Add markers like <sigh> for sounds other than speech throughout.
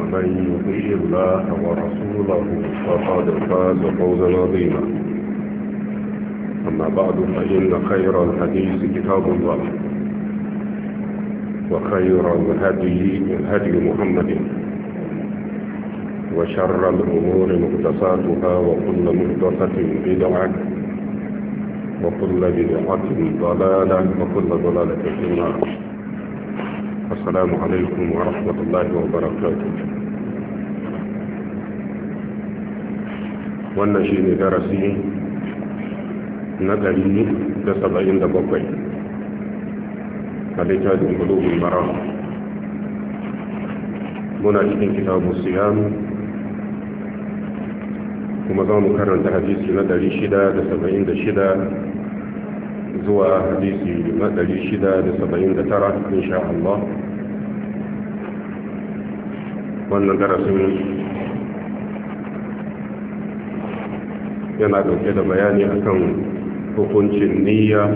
ومن يطيع الله ورسوله فقد فاز فوزا عظيما أما بعد فإن خير الحديث كتاب الله وخير الهدي هدي محمد وشر الأمور مقتصاتها وكل مقتصة بدعة وكل بدعة ضلالة وكل ضلالة في النار السلام عليكم ورحمة الله وبركاته wannan shi ne darasi na ɗari da saba'in da bakwai a littafin gudubin mara muna cikin kitabu siyam kuma za mu karanta hadisi na ɗari shida da saba'in da shida zuwa hadisi na ɗari shida da saba'in da tara insha Allah wannan darasin yana dauke da bayani akan hukuncin niyya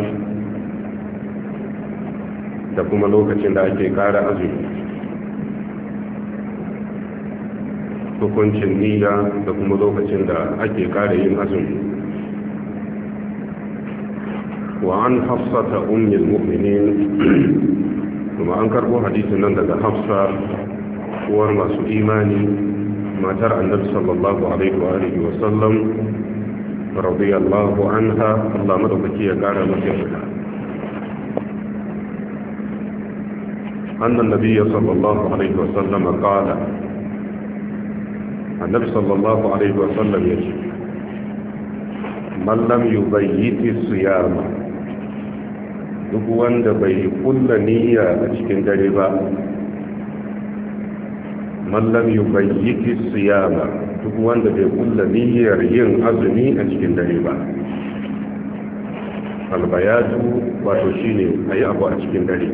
da kuma lokacin da ake kara azumi hukuncin niyya da kuma lokacin da ake kara yin azumi وعن حفصة أم المؤمنين ثم أنكر حديث نندق حفصة uwar masu imani matar annabi sallallahu alaihi wa alihi wa sallam radiyallahu anha Allah madaukaki ya kara mata shiga أن النبي صلى الله عليه وسلم قال النبي صلى الله عليه وسلم يجب من لم يبيت الصيام duk wanda bai kulla niyya a cikin dare ba man lam yubayyiki siyama duk wanda bai kulla niyyar yin azumi a cikin dare ba albayatu wato shine yi abu a cikin dare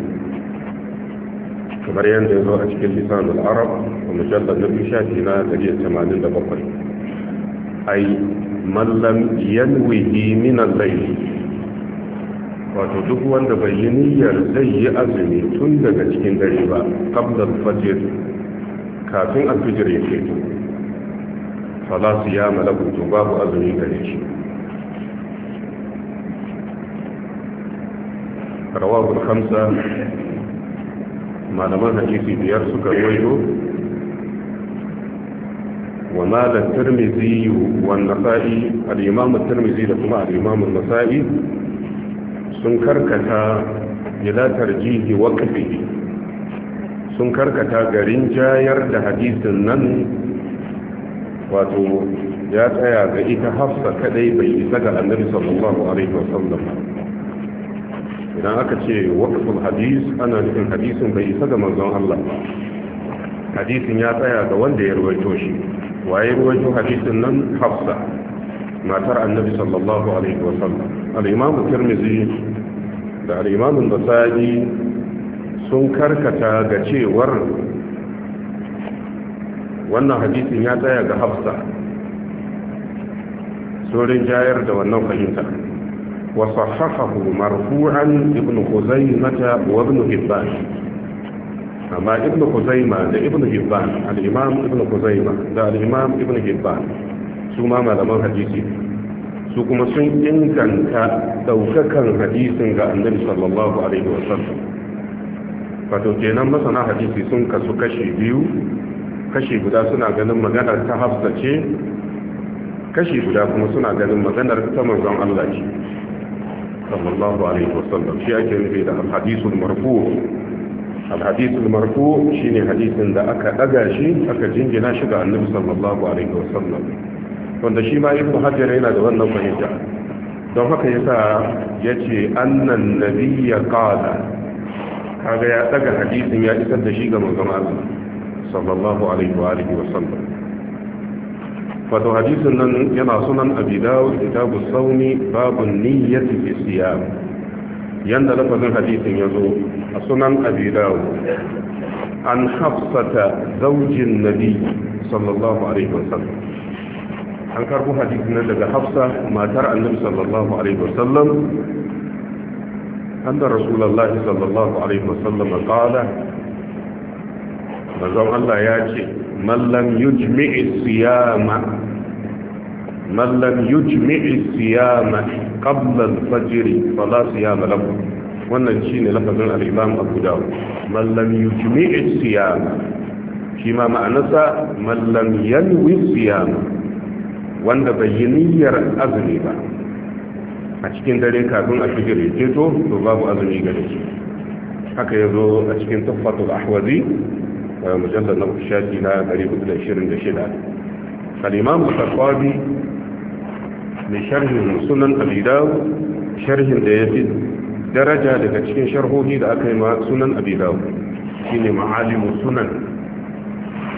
kamar yadda ya zo a cikin lisanul arab a mujallar na biyu shafi na bakwai. ai mallam yanwihi min al-layl wato duk wanda bai yi niyyar zai yi azumi tun daga cikin dare ba qabla al-fajr kafin alfijir ya ke fala Salasu ya malakun to babu azumi gare shi rawabul kamsa, malaman hadisi biyar suka ruwaito wa malar tirmizi wa nasa'i al'imamun tirmizi da kuma al'imamun nasa'i sun karkata ila tarjihi wa kafihi sun karkata garin jayar da hadisin nan wato ya tsaya ga ita hafsa kadai bai isa ga annabi sallallahu alaihi wasallam idan aka ce waqful hadis ana nufin hadisin bai isa ga manzon Allah hadisin ya tsaya ga wanda ya ruwaito shi waye ruwaito hadisin nan hafsa matar annabi sallallahu alaihi wasallam al-imam tirmidhi da al-imam an-nasa'i sun karkata ga cewar wannan hadisin ya tsaya ga hafsa saurin jayar da wannan fahimta وصححه مرفوعا ابن Ibn وابن حبان أما ابن خزيمة لابن حبان الإمام ابن خزيمة da Alimam Ibn حبان ثم ما malaman hadisi. su kuma sun inganta daukakan hadisin ga annabi sallallahu alaihi wasallam wato kenan masana hadisi sun kasu kashi biyu kashi guda suna ganin maganar ta hafsa ce kashi guda kuma suna ganin maganar ta manzon Allah ce sallallahu alaihi wasallam shi ake nufi da alhadisul marfu alhadisul marfu shine hadisin da aka daga shi aka jingina shi ga annabi sallallahu alaihi wasallam wanda shi ma ibnu hajar yana da wannan fahimta don haka yasa yace annan nabiyya qala kaga ya daga hadisin ya isar da shi ga manzon Allah sallallahu alaihi wa alihi wa sallam wato hadisin nan yana sunan abi dawud kitabu sawmi babu niyyati fi siyam yanda lafazin hadisin yazo a sunan abi dawud an hafsata zaujin nabi sallallahu alaihi wa sallam an karbo hadisin daga hafsa matar annabi sallallahu alaihi wa sallam أن رسول الله صلى الله عليه وسلم قال فزو الله ياتي من لم يجمع الصيام من لم يجمع الصيام قبل الفجر فلا صيام له wannan shi ne lafazin al'imam abu dawo mallam yujmi'i siyama shi ma ma'anasa mallam yanwi siyama wanda bai yi niyyar azumi ba a cikin dare kafin a shigar ya ceto to babu azumi gare shi haka ya zo a cikin tuffatul ahwazi a mujallar na shafi na 426 da shida. al-qasabi mai sharhin sunan abidaw sharhin da ya fi daraja daga cikin sharhohi da aka yi ma sunan abidaw shine ma'alimu sunan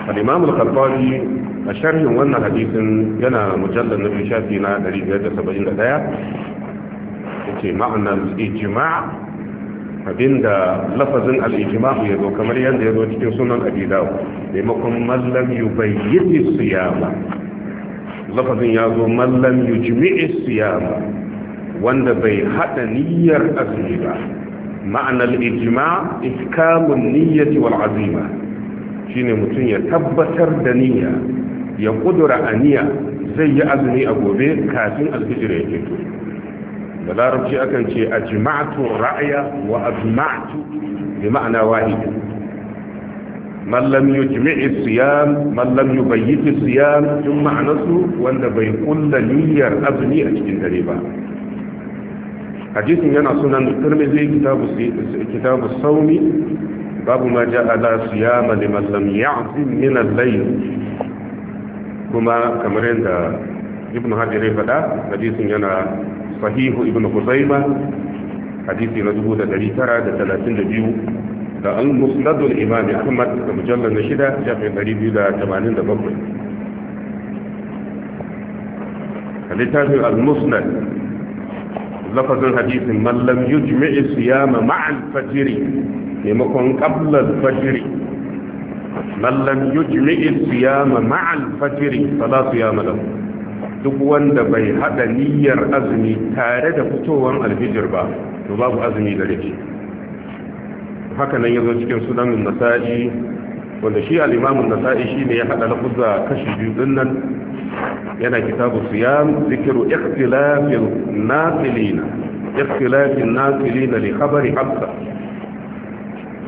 kalimam imam a sharhin wannan hadisin yana mujallar na shafi na 571 ce ma'anar ijima abinda lafazin al'ijima ya zo kamar yadda ya zo cikin sunan abidawo maimakon mallam yu bayyani siyama lafazin ya zo mallam yu jimi'i siyama wanda bai hada niyyar azumi ba ma'anar ijima ifkamun niyyati wal azima shine mutum ya tabbatar da niyya ya kudura aniya zai yi azumi a gobe kafin alfijir ya fito da larabci akan ce a jima'atu ra'aya wa ajma'atu bi ma'ana wahidi man lam yujmi'i siyam man lam yubayyiti siyam ma'ana su wanda bai kulla niyyar azumi a cikin dare ba hadisin yana sunan tirmidhi kitabu kitabu sawmi babu ma ja la siyama liman lam ya'zim min al-layl kuma kamar yadda ibnu hajar ya faɗa hadisin yana صحيح ابن قصيبة حديث رجوه ده دريكا ده ثلاثين جيو ده المسند الإمام أحمد مجلد نشدة شاقي قريب يدى ثمانين ده بطل الكتاب المسند لفظ الحديث من لم يجمع الصيام مع الفجر يمكن قبل الفجر من لم يجمع الصيام مع الفجر فلا صيام له duk wanda bai hada niyyar azumi tare da fitowar alhijir ba to babu azumi da rike haka nan yazo cikin sunanin nasa'i wanda shi al-imamun nasa'i shine ya hada lafuzza kashi biyu din nan yana kitabu siyam zikru ikhtilafil nasilina ikhtilafin nasilina li khabari habsa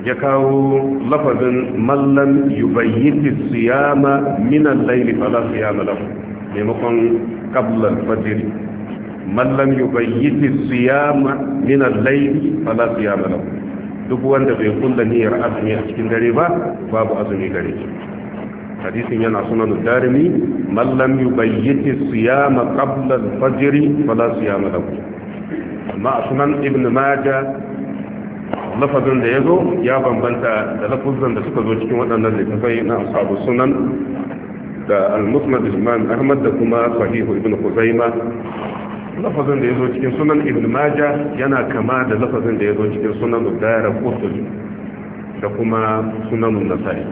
ya kawo lafazin mallan yubayyiti siyama min al-layli fala siyama lahu maimakon qablal fajr man lam yubayyiti siyama min al-layl fala siyama lahu duk wanda bai kulla niyyar azumi a cikin dare ba babu azumi gare shi hadisin yana sunan darimi man lam yubayyiti siyama qabla al-fajr fala siyama lahu amma sunan ibn majah lafazin da ya zo ya bambanta da lafazin da suka zo cikin waɗannan littafai na ashabu sunan da al-musnad imam ahmad da kuma sahihu ibn khuzaima lafazin da yazo cikin sunan ibn majah yana kama da lafazin da yazo cikin sunan dara qutb da kuma sunan nasai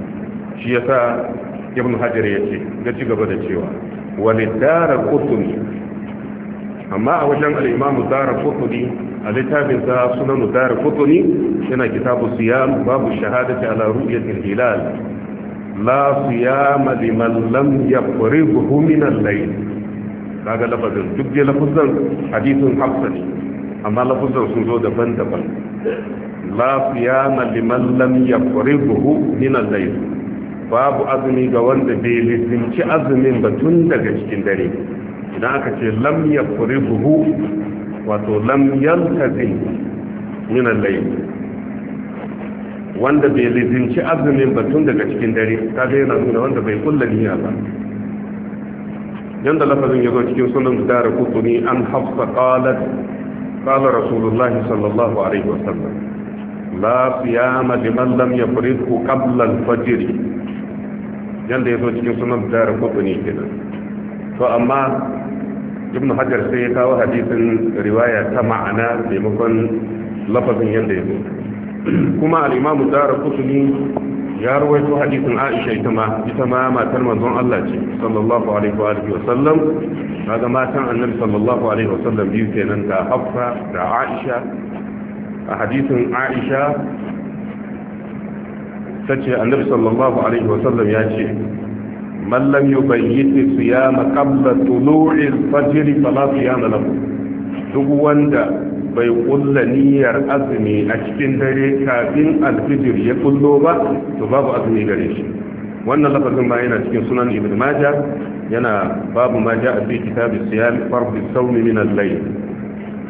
shi yasa ibn hajar yace ga ci gaba da cewa wa dara qutb amma a wajen al-imam dara qutb a littafin sa sunan dara qutb yana kitabu siyam babu shahadati ala ru'yatil hilal la siyama liman lam yaqribuhu min al-layl kaga lafazin duk je lafazin hadisin hafsa ne amma lafazin sun zo daban-daban la siyama liman lam yaqribuhu min al-layl babu azumi ga wanda bai lizinci azumin ba tun daga cikin dare idan aka ce lam yaqribuhu wato lam yaltazim min al-layl wanda bai lizinci azumin ba tun daga cikin dare ta zai yana nuna wanda bai kulla niyya ba yanda lafazin ya zo cikin sunan da tuni an hafsa qalat qala rasulullahi sallallahu alaihi wasallam la siyama liman lam yafridhu qabla al-fajr yanda ya zo cikin sunan da tuni kenan to amma ibn hajar sai ya kawo hadisin riwaya ta ma'ana maimakon lafazin yanda ya zo kuma al-imam Darqutni ya rawaito hadisin Aisha ita ma ita ma matar manzon Allah ce sallallahu alaihi wa alihi wa sallam kaga matan annabi sallallahu alaihi wa sallam biyu kenan da Hafsa da Aisha a hadisin Aisha ta ce annabi sallallahu alaihi wa sallam ya ce mallam man lam yubayyit siyama qabla tulu'il fajr fala siyama lahu duk wanda bai kulla niyyar azumi a cikin dare kafin alfijir ya kullo ba to babu azumi gare shi wannan lafazin ba yana cikin sunan ibn maja yana babu maja a fi kitabi siyam farbi saumi min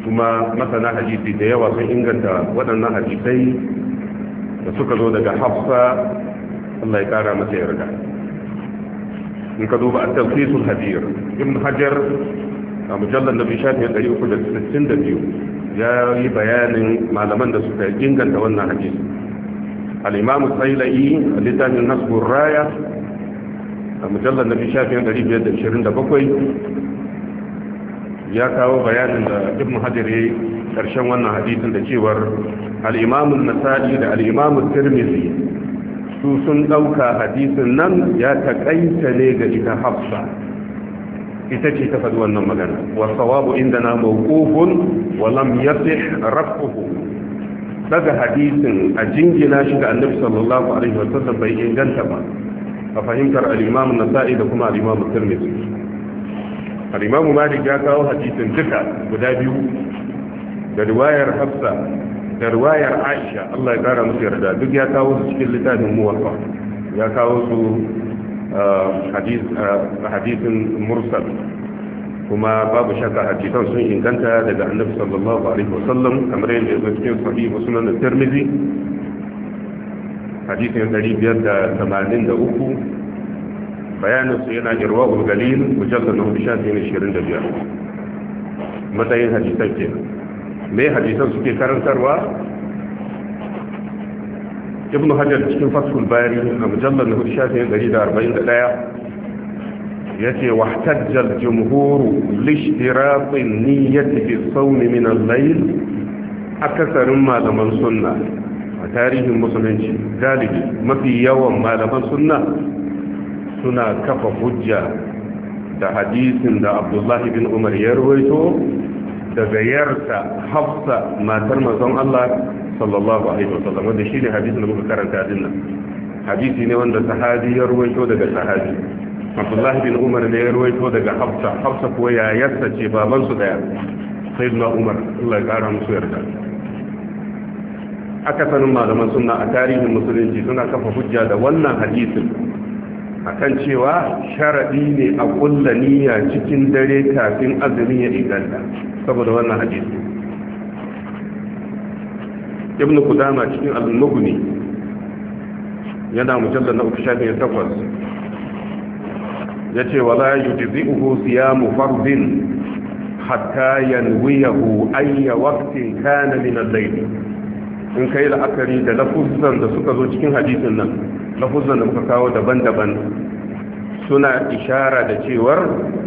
kuma masana hadisi da yawa sun inganta waɗannan hadisai da suka zo daga hafsa Allah ya kara masa yarda in ka duba at-tafsir al-hadir ibn hajar a mujallar na bishafin 362 ya yi bayanin malaman da suka inganta wannan hadisi al'imamu tsailayi a littafin nasbun raya a mujallar na bishafin 527 ya kawo bayanin da ibn hajar ya karshen wannan hadisin da cewar al'imamun nasa'i da al'imamun tirmizi su sun ɗauka hadisin nan ya taƙaita ne ga ita hafsa ita ce ta faɗi wannan magana wa sawabu indana mawqufun wa lam yasih rafuhu daga hadisin a jingina shi ga annabi sallallahu alaihi wa sallam bai inganta ba a fahimtar al-imam an-nasa'i da kuma al-imam at-tirmidhi al-imam malik ya kawo hadisin duka guda biyu da riwayar hafsa da riwayar aisha Allah ya kara musu yarda duk ya kawo su cikin littafin muwatta ya kawo su hadisin mursal kuma babu shakka hadisan sun inganta daga annabi sallallahu alaihi wasallam kamar yadda ya cikin sahihu sunan da tirmidhi hadisin 583 bayanin su yana irwa ulgalil mujallar na shafi ne shirin da biyar matsayin hadisan ke mai hadisan suke karantarwa ibn hajar cikin fathul bari a mujallar na shafin 141 ya ce wa tajjal jumhuru lishtiratsin niyyati fi sauni min al akasarin malaman sunna a tarihin musulunci galibi mafi yawan malaman sunna suna kafa hujja da hadisin da abdullahi bin umar ya ruwaito daga yarta hafsa matar manzon Allah sallallahu alaihi wasallam wanda shine hadisin da muka karanta din nan hadisi ne wanda sahabi ya ruwaito daga sahabi Abdullahi bin Umar ne ya ruwaito daga Hafsa Hafsa ko yayarsa ce baban su daya sayyidina Umar Allah ya kara musu yarda aka sanin malaman sunna a tarihin musulunci suna kafa hujja da wannan hadisin akan cewa sharaɗi ne a ƙulla niyya cikin dare kafin azumi ya inganta saboda wannan hadisi ibn kudama cikin al-mughni yana mujallal na uku shafi takwas ya ce wala yujzi'uhu siyamu fardin hatta yanwiyahu ayya waqtin kana min al in kai la'akari da lafuzan da suka zo cikin hadisin nan lafuzan da muka kawo daban-daban suna ishara da cewar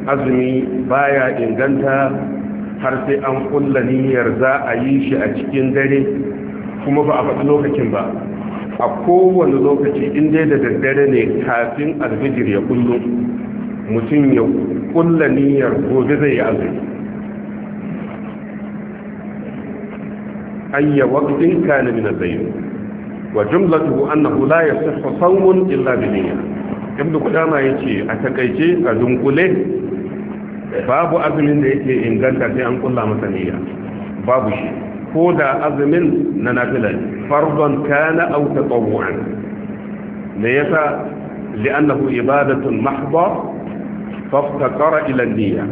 azumi baya inganta har sai an kulla niyyar za a yi shi a cikin dare kuma ba a faɗi lokacin ba a kowane lokaci in dai da daddare ne kafin alfijir ya kullu mutum ya kulla niyyar gobe zai yi azumi أي وقت كان من الليل وجملته أنه لا يصح صوم إلا بنية ibnu kudama yace a takaice a dunkule babu azumin da yake inganta sai an kulla masa niyya babu shi ko da azumin na nafila fardon kana aw tatawwu'an me yasa li'annahu ibadatun mahdha faftaqara ila niyya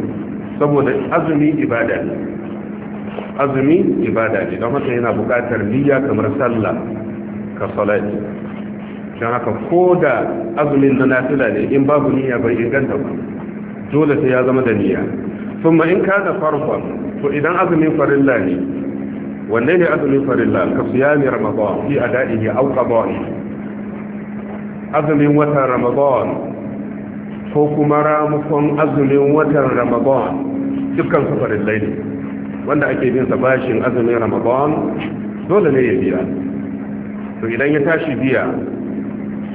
saboda azumin ibada azumi ibada ne don haka yana bukatar biya kamar sallah ka salat don haka ko da azumin na nasila ne in babu niyya bai inganta ba dole sai ya zama da niyya kuma in ka da farkon to idan azumin farilla ne wanne ne azumin farilla ka siya ne ramadan fi a daɗi ya auka bawai azumin watan ramadan ko kuma ramukon azumin watan ramadan dukkan su farillai ne wanda ake bin sa bashin azumin ramadan dole ne ya biya to idan ya tashi biya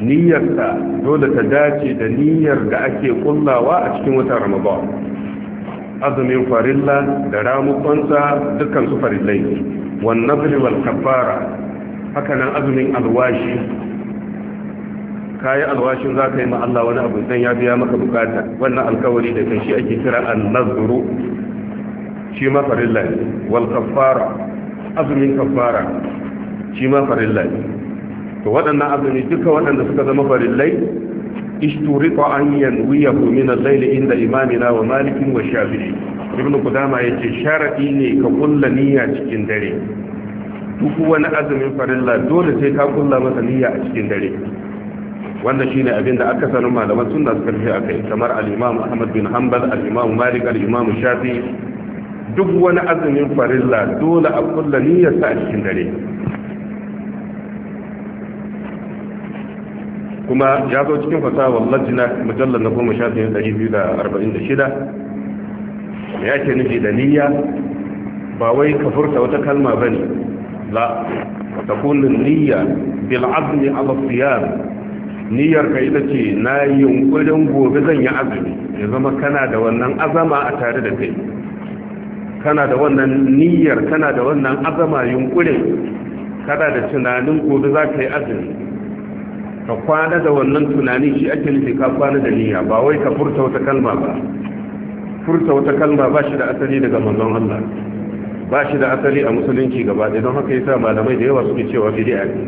niyyarsa dole ta dace da niyyar da ake kullawa a cikin watan ramadan azumin farilla da ramukansa dukkan su farillai wannan wal kafara haka nan azumin alwashi kayi alwashin za ka yi ma Allah wani abu dan ya biya maka bukata wannan alkawari da kai shi ake kira an shi ma farilla ne wal kaffara azumin kaffara shi ma farilla ne to waɗannan azumi duka waɗanda suka zama farillai ishturita an yanwiyahu min al-layli inda imamina wa malikin wa shafi'i ibn qudama yace sharadi ne ka kulla niyya cikin dare duk wani azumin farilla dole sai ka kulla masa niyya a cikin dare wannan shine abin da aka sanin malaman sunna suka rufe akai kamar al-imam ahmad bin hanbal al-imam malik al-imam shafi'i duk wani azumin farilla dole a kulla niyyarsa a cikin dare kuma ya zo cikin fasahar lajina mujallar na goma biyu da arba'in shida da ya ke nufi da niyya ba wai ka furta wata kalma ba ne la ta kullum niyya bil'azmi ala siyar niyyar ka ita ce na yi yunkurin gobe zan yi azumi ya zama kana da wannan azama a tare da kai kana da wannan niyyar kana da wannan azama yunkurin kada da tunanin gobe za ka yi azumi ka kwana da wannan tunanin shi ake nufi ka kwana da niyya ba wai ka furta wata kalma ba furta wata kalma ba shi da asali daga manzon Allah ba shi da asali a musulunci gaba da don haka yasa malamai da yawa suke cewa bid'a ne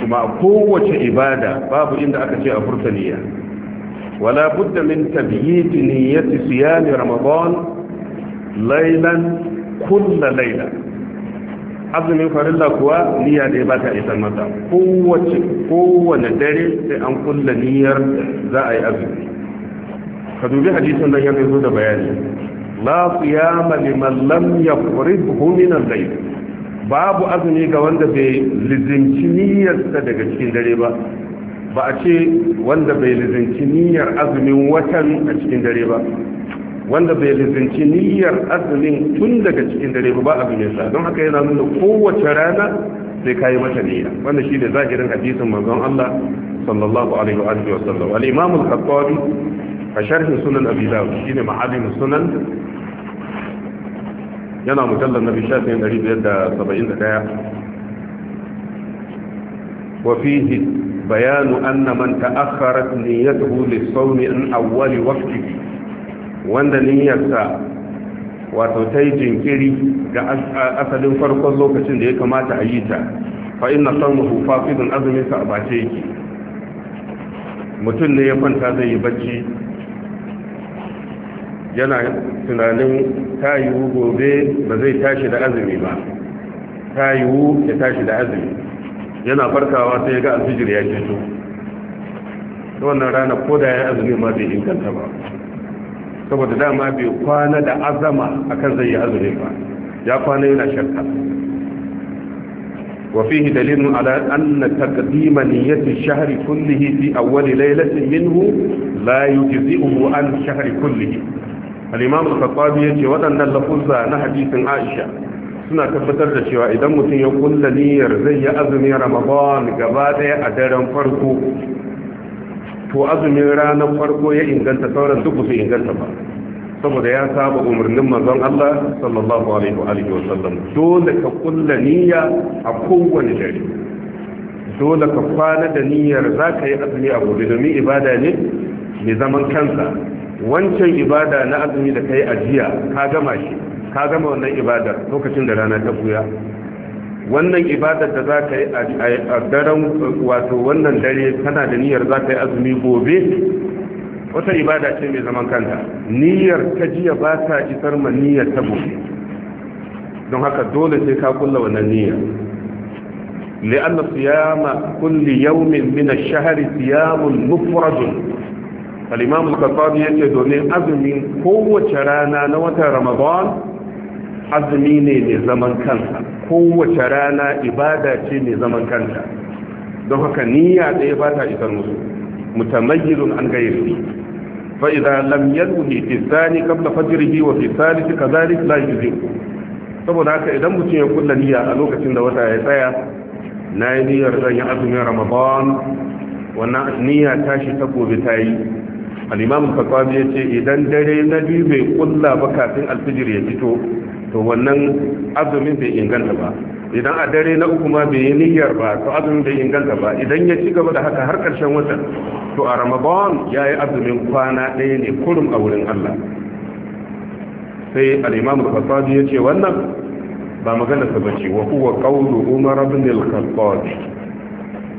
kuma kowace ibada babu inda aka ce a furta niyya wala budda min tabyit niyyati siyam ramadan lailan kulla laila azumin farilla kuwa niyya ɗaya ba ta isar mata, kowace kowane dare sai an kulla niyyar za a yi azumi ka dubi hadisin da yana zo da bayani la siyama liman lam yaqribhu min al-layl babu azumi ga wanda bai lizinci niyyarsa daga cikin dare ba ba a ce wanda bai lizinci niyyar azumin watan a cikin dare ba wanda bai lizinci niyyar azumin tun daga cikin dare ba abu ne sa don haka yana nuna kowace rana sai ka mata niyya wanda shi da zahirin hadisin manzon Allah sallallahu alaihi wa alihi wa sallam al imam al khattabi a sharhin sunan abi dawud shine ma'alim sunan yana mujallal nabi shafin 171 wa fihi bayanu anna man ta'akhkharat niyyatuhu lis-sawmi an awwali waqtihi wanda niyyarsa wato ta yi jinkiri ga asalin farkon lokacin da ya kamata a yi ta fa ina son hufa azuminsa a bace yake mutum ne ya kwanta zai yi bacci yana tunanin ta yiwu gobe ba zai tashi da azumi ba ta yiwu ya tashi da azumi yana farkawa sai ya ga alfijir ya to wannan rana ko da ya azumi ma bai inganta ba saboda dama bai kwana da azama a kan zai yi azumi ba ya kwana yana shakka wafi hidalinu ala annar takadima niyyatin shahari kullihi fi awwali lailatin minhu la yujzi umu an shahari kullihi al-imam al-khattabi yace waɗannan lafuzza na hadisin aisha suna tabbatar da cewa idan mutum ya niyyar zai yi azumin ramadan gaba ɗaya a daren farko to azumin ranar farko ya inganta sauran duk su inganta ba saboda ya saba umarnin manzon Allah sallallahu alaihi wa alihi wa sallam dole ka kulla niyya a kowane dare dole ka kwana da niyyar zaka yi azumi a gobe domin ibada ne mai zaman kansa wancan ibada na azumi da kai ajiya ka gama shi ka gama wannan ibadar lokacin da rana ta buya wannan ibada da za ka yi a daren wato wannan dare tana da niyyar za ka yi azumi gobe wata ibada ce mai zaman kanta niyyar ta jiya ba ta isar ma niyyar ta gobe don haka dole sai ka kulla wannan niyya li'anna siyama kulli yawmin min ash-shahri siyamun mufradun al-imam al-qadhi yace domin azumi kowace rana na watan ramadan azumi ne mai zaman kansa kowace rana ibada ce mai zaman kanta don haka niyya ɗaya ba ta isar musu mutamayyizun an gayyarsi fa idza lam yadhi fi qabla fajrihi wa fi thalith kadhalik la yujzi saboda haka idan mutum ya kulla niyya a lokacin da wata ya tsaya na yi niyyar zan yi azumin ramadan wannan niyya tashi ta gobe ta yi al-imam al-fatawi yace idan dare na biyu bai kulla ba kafin al-fajr ya fito to wannan azumin bai inganta ba idan a dare na uku ma bai yi niyyar ba to azumin bai inganta ba idan ya ci gaba da haka har ƙarshen watan to a ramadan ya yi azumin kwana ɗaya ne kurum a wurin allah sai al'imamu da ya ce wannan ba magana sa bace wa huwa qawlu umar ibn al-khattab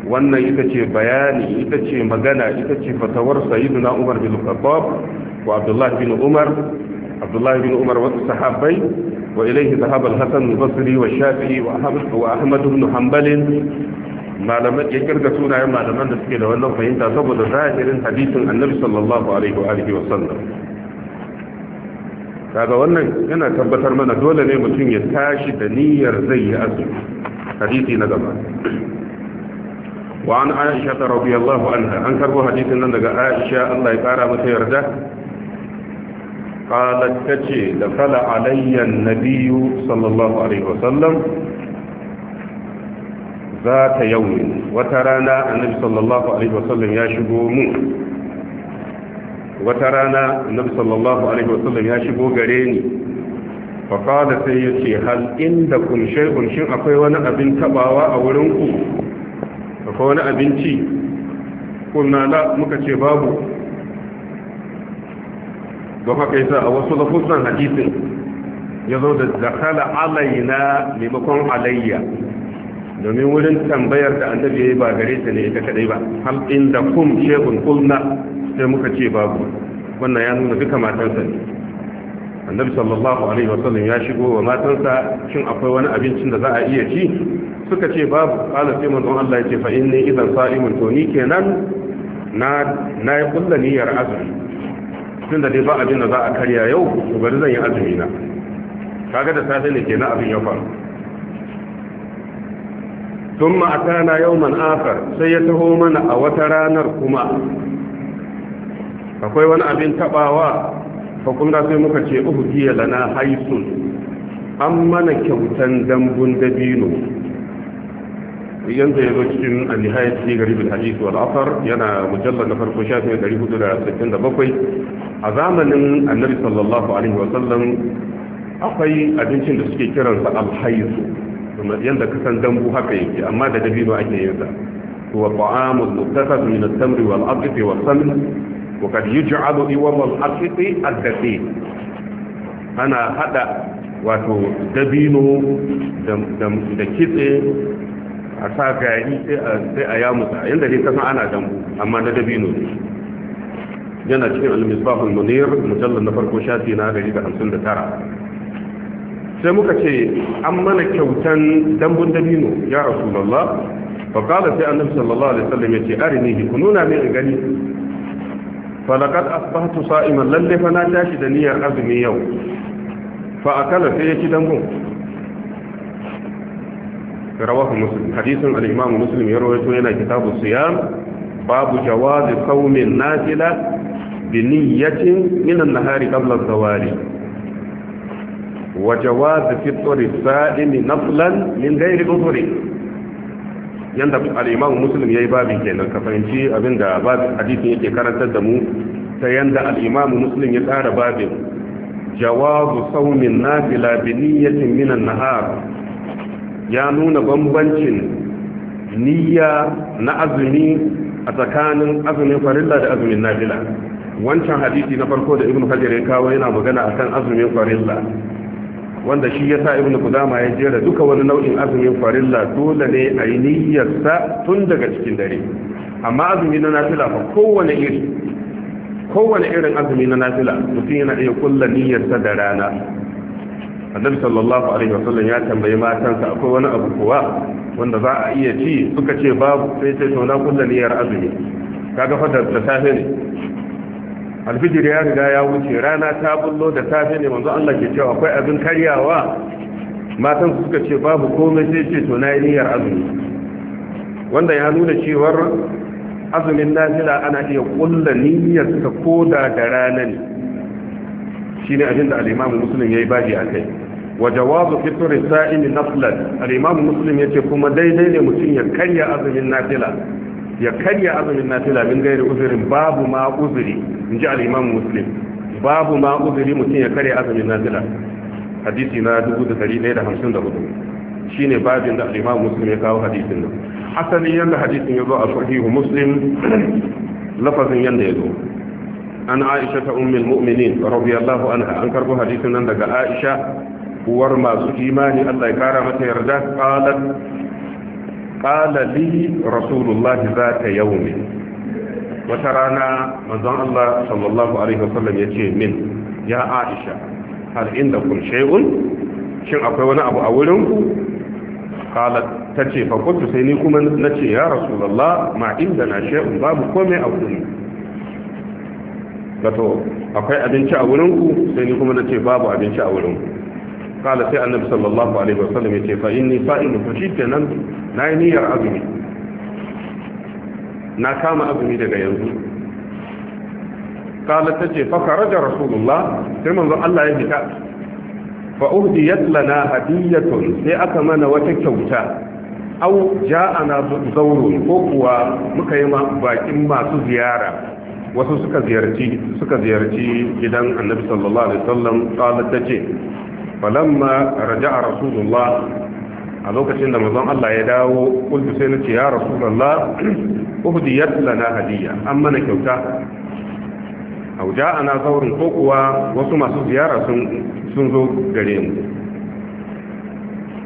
wannan ita ce bayani ita ce magana ita ce fatawar sayyiduna umar bin khattab wa abdullah bin umar abdullahi bin umar wasu sahabbai wa ilaihi sahab al-hasan al-basri wa shafi'i wa ahmad wa ya kirga sunayen malaman da suke da wannan fahimta saboda zahirin hadisin annabi sallallahu alaihi wa alihi wa sallam kaga wannan yana tabbatar mana dole ne mutum ya tashi da niyyar zai yi azumi hadisi na gaba wa an aisha radiyallahu anha an karbo hadisin nan daga aisha Allah ya kara mata yarda qalat tace da kala alayya nabiyyu sallallahu alaihi wasallam zata yawmi wata rana annabi sallallahu alaihi wasallam ya shigo mu wata rana annabi sallallahu alaihi wasallam ya shigo gare ni fa qala sai yace hal indakum shay'un shin akwai wani abin tabawa a wurin ku akwai wani abinci muka ce babu don haka yasa a wasu lafusan hadisin ya zo da dakala alayna maimakon alayya domin wurin tambayar da annabi yayi ba gare ta ne ita kadai ba hal inda kum shebun kulna sai muka ce babu wannan ya nuna duka matansa ne annabi sallallahu alaihi wasallam ya shigo wa matansa shin akwai wani abincin da za a iya ci suka ce babu qala sai don Allah ya ce fa inni idan sa'imun to ni kenan na na yi kullani azumi tun da dai ba abin da za a karya yau bari zan yi azumi na kaga da safe ne kenan abin ya faru yau sai ya taho mana a wata ranar kuma. akwai wani abin tabawa da sai muka ce da lana haisun an mana kyautan dambun dabino yanzu ya zo cikin alihayat fi garibin hadisi wal asar yana mujallar na farko shafin 467 a zamanin annabi sallallahu alaihi wasallam akwai abincin da suke kiransa alhaizu yadda kasan dambu haka yake amma da dabino ake yin sa wa ta'amu muttasat min at-tamri wal aqfi wal samn wa kad yuj'alu iwam al aqfi ad-dafi ana hada wato dabino da kitse a sa gari sai a yamusa yadda ne kasan ana dambu amma na dabino ne yana cikin al-misbahul munir mujallal na farko shafi na 159 sai muka ce an mana kyautan dambun dabino ya rasulullah fa qala sai annabi sallallahu alaihi wasallam yace arinihi kununa min gani falaqad asbahtu sa'iman lalle fa na tashi da niyyar azumi yau fa akala sai yaci dambun rawahu muslim hadisin al-imam muslim ya yana kitabu siyam babu jawazi saumin nafila bi niyyatin min an-nahari qabla az-zawali wa jawazi fitri as-sa'imi naflan min ghairi udhri yanda al-imam muslim yayi babin kenan ka fahimci abinda babin hadisin yake karantar da mu ta yanda al-imam muslim ya tsara babin jawazu saumin nafila bi niyyatin min an-nahar ya nuna bambancin niyya na azumi a tsakanin azumin farilla da azumin nafila wancan hadisi na farko da ibnu hajar ya kawo yana magana akan azumin farilla wanda shi yasa ibnu kudama ya jera duka wani nau'in azumin farilla dole ne a yi niyyarsa tun daga cikin dare amma azumi na nafila fa kowane iri kowane irin azumi na nafila mutum yana iya kulla niyyarsa da rana annabi sallallahu alaihi wasallam ya tambayi matansa akwai wani abu kuwa wanda za a iya ci suka ce babu sai sai to na kulla niyyar azumi kaga fa da safe ne alfijir ya riga ya wuce rana ta bullo da safe ne manzo Allah ke cewa akwai abin karyawa matan suka ce babu komai sai ce to na niyyar azumi wanda ya nuna cewar azumin nafila ana iya kulla niyyar ka koda da rana ne shine abin da al-Imam Muslim yayi baji akai wa jawazu fitr sa'in naflan al-imam muslim yace kuma daidai ne mutum ya karya azumin nafila ya karya azumin nafila min gairi uzurin babu ma uzuri inji al-imam muslim babu ma uzuri mutum ya karya azumin nafila hadisi na 1154 shine babin da al-imam muslim ya kawo hadisin nan asali yanda hadisin yazo a sahihu muslim lafazin yanda yazo an aisha ta ummul mu'minin radiyallahu anha an karbo hadisin nan daga aisha uwar masu imani Allah ya kara mata yarda qalat qala li rasulullah zata yawmi wata rana manzon Allah sallallahu alaihi wasallam yace min ya Aisha hal inda kun shay'un shin akwai wani abu a wurin ku qalat tace fa kuntu sai ni kuma nace ya rasulullah ma inda na shay'un babu komai a wurin wato akwai abinci a wurin ku sai ni kuma nace babu abinci a wurin ku kala sai annabi sallallahu alaihi wasallam ya ce fa inni fa'ilu fa shikenan na yi niyyar azumi na kama azumi daga yanzu kala ta ce fa kharaja rasulullah sai manzo Allah ya fita fa uhdiyat lana hadiyatun sai aka mana wata kyauta au ja'ana zaurun ko kuwa muka yi bakin masu ziyara wasu suka ziyarci suka ziyarci gidan annabi sallallahu alaihi wasallam ta ce. falamma raja'a rasulullah a lokacin da mazan Allah ya dawo kullu sai na ce ya rasulullah uhdiyat lana hadiyya, an mana kyauta au ja'ana saurin ko kuwa wasu masu ziyara sun zo gare mu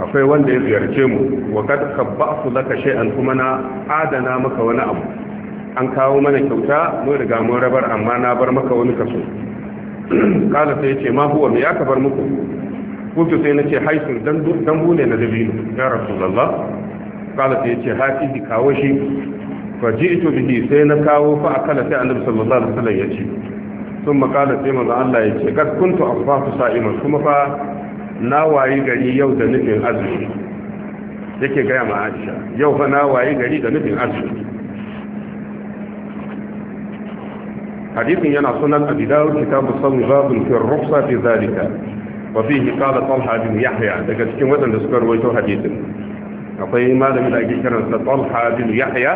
akwai wanda ya ziyarce mu ka ba su laka shay'an kuma na adana maka wani abu an kawo mana kyauta mun riga mun rabar amma na bar maka wani kaso <clears throat> kala sai yace ma huwa me aka bar muku kuntu sai na ce haisun dambu ne na dabino ya rasulallah kala sai ya ce hafi ki kawo shi fa ito bihi sai na kawo fa kala sai annabi sallallahu alaihi wasallam ya ce sun makala sai maza Allah ya ce kad kuntu asbahu sa'iman kuma fa na wayi gari yau da nufin azumi yake gaya ma Aisha yau fa na wayi gari da nufin azumi hadisin yana sunan abi dawud kitabu sawm babun fi rukhsa fi zalika wa fihi qala talha bin yahya daga cikin waɗanda suka rawaito hadisin akwai malami da ake kiran sa talha bin yahya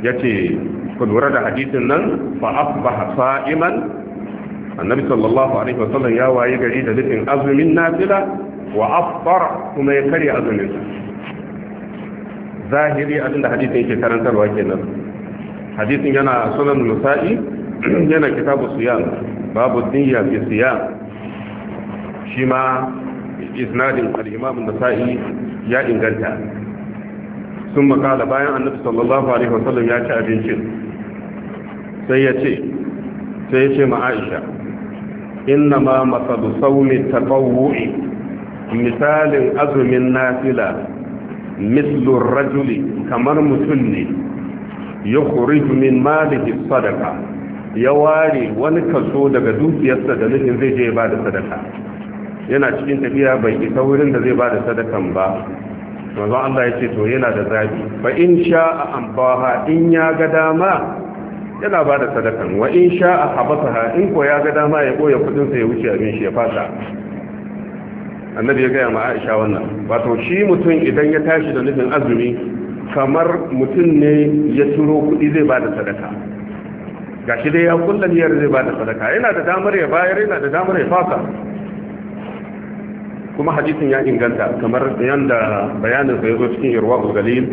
yace ku lura da hadisin nan fa asbaha sa'iman annabi sallallahu alaihi wasallam ya waye gari da nufin azumin nafila wa afṭara kuma ya karya azumin zahiri a abinda hadisin yake karantarwa kenan hadisin yana sunan musa'i <clears throat> yana kitabu siyam babu dinya fi siyam shi ma isnadin al-imam an-nasa'i ya inganta sun makala bayan annabi sallallahu alaihi wasallam ya ci abincin sai ya ce sai ya ce ma Aisha inna ma masalu sawmi tatawwu'i misalin azumin nafila mislu rajuli kamar mutum ne yukhriju min malihi sadaqa ya ware wani kaso daga dukiyarsa da nufin zai je ba da sadaka yana cikin tafiya bai isa wurin da zai ba da sadakan ba manzo Allah ya ce to yana da zabi fa in sha'a ambaha in ya ga dama yana ba da sadakan wa in sha'a habasaha in ko ya ga dama ya koya kudin sa ya wuce abin shi ya fasa annabi ya ga ma Aisha wannan wato shi mutum idan ya tashi da nufin azumi kamar mutum ne ya turo kudi zai ba da sadaka gashi dai ya kullal zai ba da sadaka yana da damar ya bayar yana da damar ya fasa kuma hadisin ya inganta kamar yanda bayanin sa yazo cikin irwa galil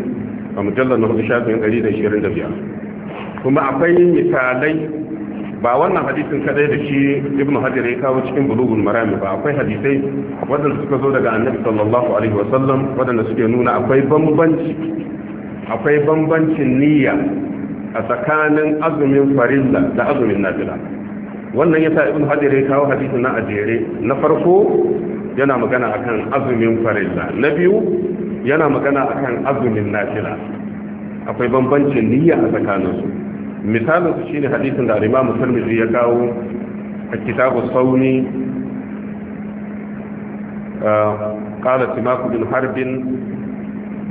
a mujallal na hudu shafin 125 kuma akwai misalai ba wannan hadisin kadai da shi ibn hajar ya kawo cikin bulugul marami ba akwai hadisai wadanda suka zo daga annabi sallallahu alaihi wasallam wadanda suke nuna akwai bambanci akwai bambancin niyya a tsakanin azumin farilla da azumin nafila wannan yasa ibn hajar ya kawo hadisin na ajere na farko yana magana akan azumin farilla na biyu yana magana akan azumin nafila akwai bambancin niyya a tsakaninsu misalin su shine hadisin da al musulmi ya kawo a kitabu sauni قال سماك بن حرب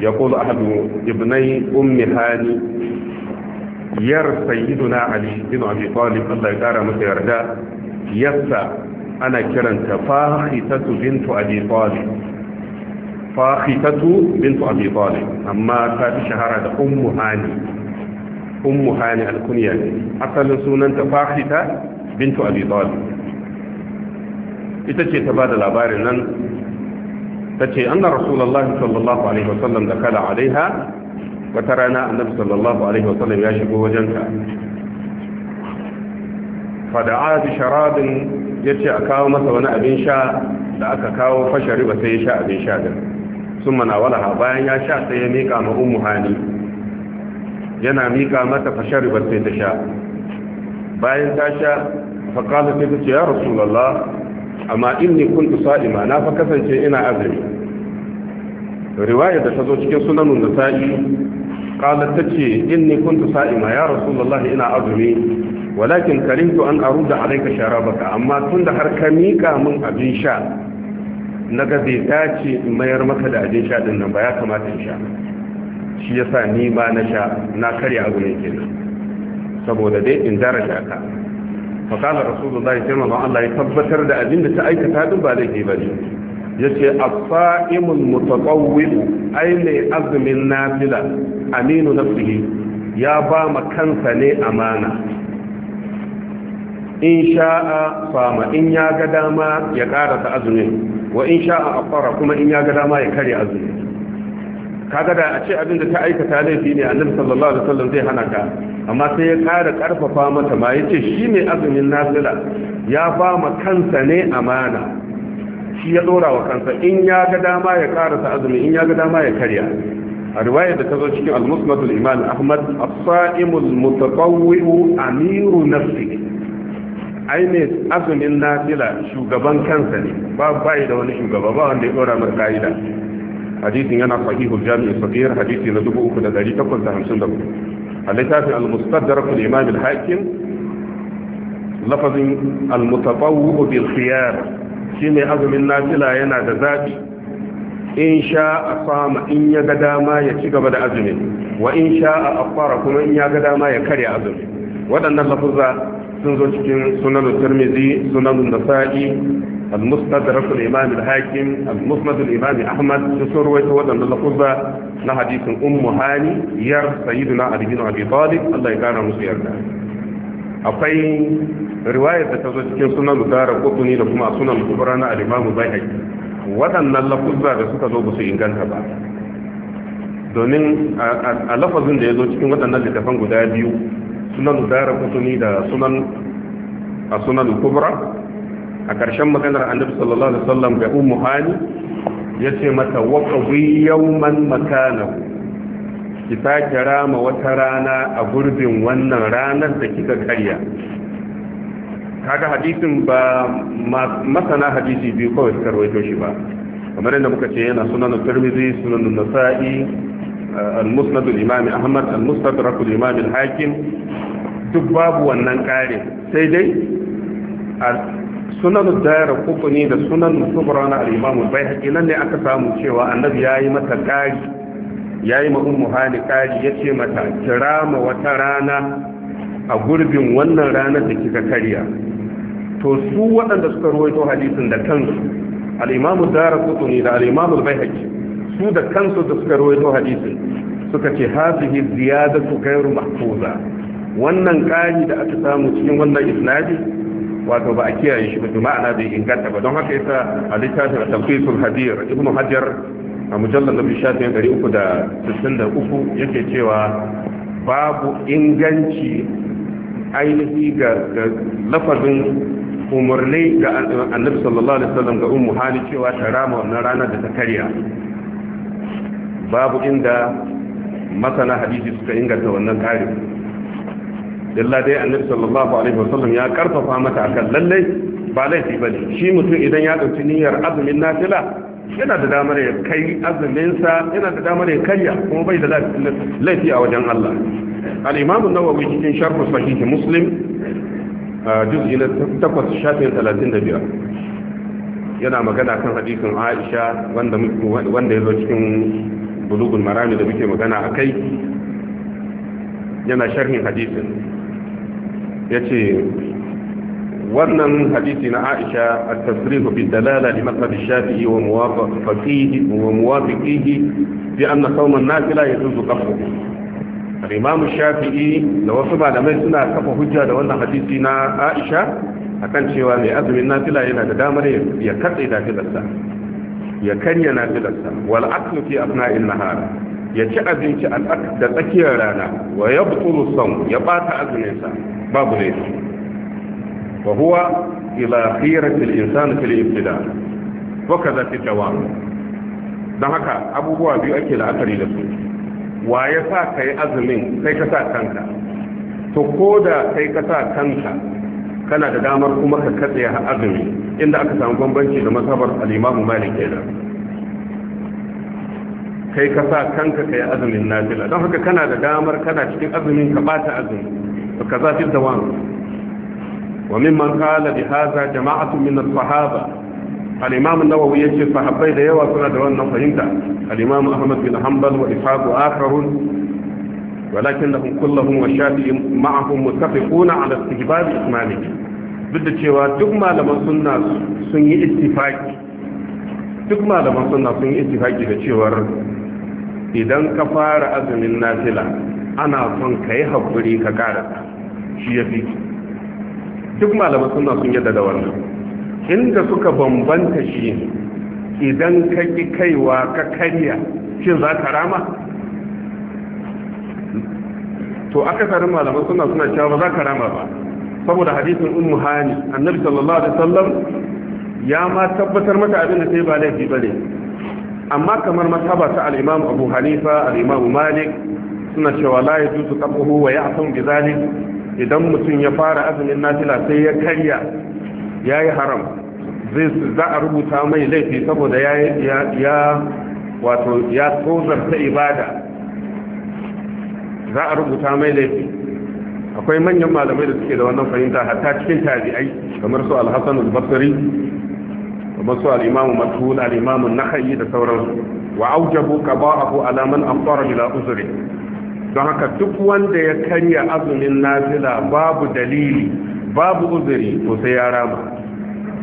يقول أحد ابني أم هاني yar sayyiduna ali bin abi talib Allah ya kara masa yarda yassa ana kiranta fahitatu bintu abi talib fahitatu bintu abi talib amma ta fi shahara da ummu hani ummu hani alkunya ne asalin sunanta fahita bintu abi talib ita ce ta bada labarin nan ta ce annar rasulullahi sallallahu alaihi wasallam da kala alaiha wata rana annabi sallallahu alaihi wasallam ya shigo wajenka fada'a bi sharabin yace a kawo masa wani abin sha da aka kawo fashari ba sai ya sha abin sha din sun manawalaha bayan ya sha sai ya mika ma ummu hani yana mika mata fashari ba sai ta sha bayan ta sha fa qala sai ta ce ya rasulullah amma inni kuntu sa'ima na fa kasance ina azumi riwaya da ta zo cikin sunanun nasa'i قالت تتشي إني كنت صائمة يا رسول الله إنا أظمي ولكن كرهت أن أرد عليك شرابك أما تندحر كميكا من أبين شاء نقضي تاتي ما يرمك دا أبين ba لأنه بياك ما تنشاء shi yasa ni ba na sha na karya abu ne kenan saboda dai in daraja ka fa kana rasulullahi sallallahu alaihi wasallam Allah ya tabbatar da abin da ta aikata duk ba laifi bane yace as-sa'imul mutatawwi ai mai azumin nafila aminu na nafsihi ya ba ma kansa ne amana in sha'a fama in ya ga dama ya karasa azumin wa in sha'a afara kuma in ya ga dama ya kare azumin kaga da a ce abin da ta aikata laifi ne annabi sallallahu alaihi wasallam zai hana ka amma sai ya kara karfafa mata ma yace shi ne azumin nafila ya ba ma kansa ne amana shi ya dora wa kansa in ya ga dama ya karasa azumi in ya ga dama ya karya a riwayar da ta zo cikin al-musnad al-imam ahmad as-sa'imul mutatawwi'u amiru nafsi ai ne azumin nafila shugaban kansa ne ba bai da wani shugaba ba wanda ya dora masa kaida hadisin yana sahihul jami'i sahih hadisi na 3854 a littafin al-mustadrak al-imam al-hakim lafazin al-mutatawwi'u bil khiyar shi mai azumin nafila yana da zaɓi in sha a fama in ya ga dama ya ci gaba da azumin wa in sha a afara kuma in ya ga dama ya karya azumin waɗannan lafuzza sun zo cikin sunanun tirmidhi sunanun nasa'i المستدرك الإمام الحاكم المسند الإمام أحمد سسروي ودن اللفظة نحديث أم هاني ير سيدنا علي بن allah ya الله musu yarda akwai. riwayar da ta zo cikin sunan dara tuni da kuma sunan kubra na al-imamu bayhaqi waɗannan lafuzza da suka zo ba su inganta ba domin a lafazin da ya zo cikin waɗannan littafan guda biyu sunan dara tuni da sunan a sunan kubra a ƙarshen maganar annabi sallallahu alaihi wasallam ga ummu hani yace mata waqawi yawman makana ki kira rama wata rana a gurbin wannan ranar da kika karya kaga hadisin ba masana hadisi biyu kawai suka rawaito shi ba kamar yadda muka ce yana sunan tirmidhi sunan nasa'i eh, al-musnad al-imam ahmad al-mustadrak al-imam al-hakim duk babu wannan kare sai dai sunan dayar kufuni da sunan kubra na al-imam al-baihaqi nan ne aka samu cewa annabi yayi mata kari yayi ma ummu hali kari yace mata kira ma wata rana a gurbin wannan ranar da kika karya to su waɗanda suka ruwaito hadisin da kansu Zara kutu ne da al'imamu bai su da kansu da suka ruwaito hadisin suka ce hadhihi su Gairu mahfuza wannan ƙari da aka samu cikin wannan isnadi wato ba a kiyaye shi ba ma'ana bai inganta ba don haka yasa a littafin tafsirul hadir ibnu hajar a mujallar da bishafin 363 yake cewa babu inganci ainihi ga lafazin umarni ga annabi sallallahu alaihi wasallam ga ummu hali cewa ta rama wannan rana da ta karya babu inda masana hadisi suka inganta wannan tarihi illa dai annabi sallallahu alaihi wasallam ya karfafa mata akan lallai ba laifi bane shi mutum idan ya dauki niyyar azumin nafila yana da damar ya kai azuminsa yana da damar ya karya kuma bai da laifi a wajen Allah al-imam an-nawawi cikin sharh sahih muslim juz'i na 8 shafin 35 yana magana kan hadisin Aisha wanda ya yazo cikin bulugul marami da muke magana a kai. yana sharhin hadisin yace wannan hadisi na Aisha at-tasrihu bi dalala li mazhab Shafi'i wa muwafaqihi wa muwafiqihi bi anna nafila yajuzu qasru al-Imam Shafi'i da wasu malamai suna kafa hujja da wannan hadisi na Aisha akan cewa mai azumin nafila yana da damar ya katse nafilarsa ya karya nafilarsa wal aklu fi asna'in nahar ya ci abinci da tsakiyar rana wa yabtulu sawm ya bata azumin sa babu laifi فهو huwa ila الإنسان في الإبتداء وكذا في wa kaza fi dawam dan haka abubuwa biyu ake la'akari da su wa ya sa kai azumin kai ka sa kanka to koda kai ka sa kanka kana da damar kuma aka sami bambanci da kai ka sa kanka kai azumin nafila don haka kana da damar kana cikin azumin ka ba ta azumi ka zafi da wani وممن قال بهذا جماعة من الصحابة الإمام النووي يجي صحابي ده يوا سنة دوان نفهمتا الإمام أحمد بن حنبل وإسحاق وآخرون ولكنهم كلهم والشافعي معهم متفقون على استجباب إسماعيل بدأ cewa duk malaman sunna sun yi ittifaki duk malaman sunna sun yi ittifaki da cewar idan ka fara azumin nafila ana son ka yi haƙuri ka ƙarasa shi ya fi duk malaman suna sun yadda da wannan inda suka bambanta shi idan ka ki kaiwa ka karya shin za ka rama to akasarin malaman suna suna cewa za ka rama ba saboda hadisin ummu hani annabi sallallahu alaihi sallam ya ma tabbatar mata abin da sai ba laifi ba ne. amma kamar masaba ta al-imam abu hanifa al malik suna cewa la yajuzu qabuhu wa ya'tum bi zalik idan mutum ya fara azumin nafila sai ya karya ya yi haram za a rubuta mai laifi saboda ya wato ya tozarta ibada za a rubuta mai laifi akwai manyan malamai da suke da wannan fahimta hatta cikin tabi'ai kamar su alhassan al-basri kamar su al-imamu matul al-imamu nahayi da sauransu wa aujabu qada'ahu ala man afṭara bila uzri don haka duk wanda ya karya azumin nafila babu dalili babu uzuri ko sai ya rama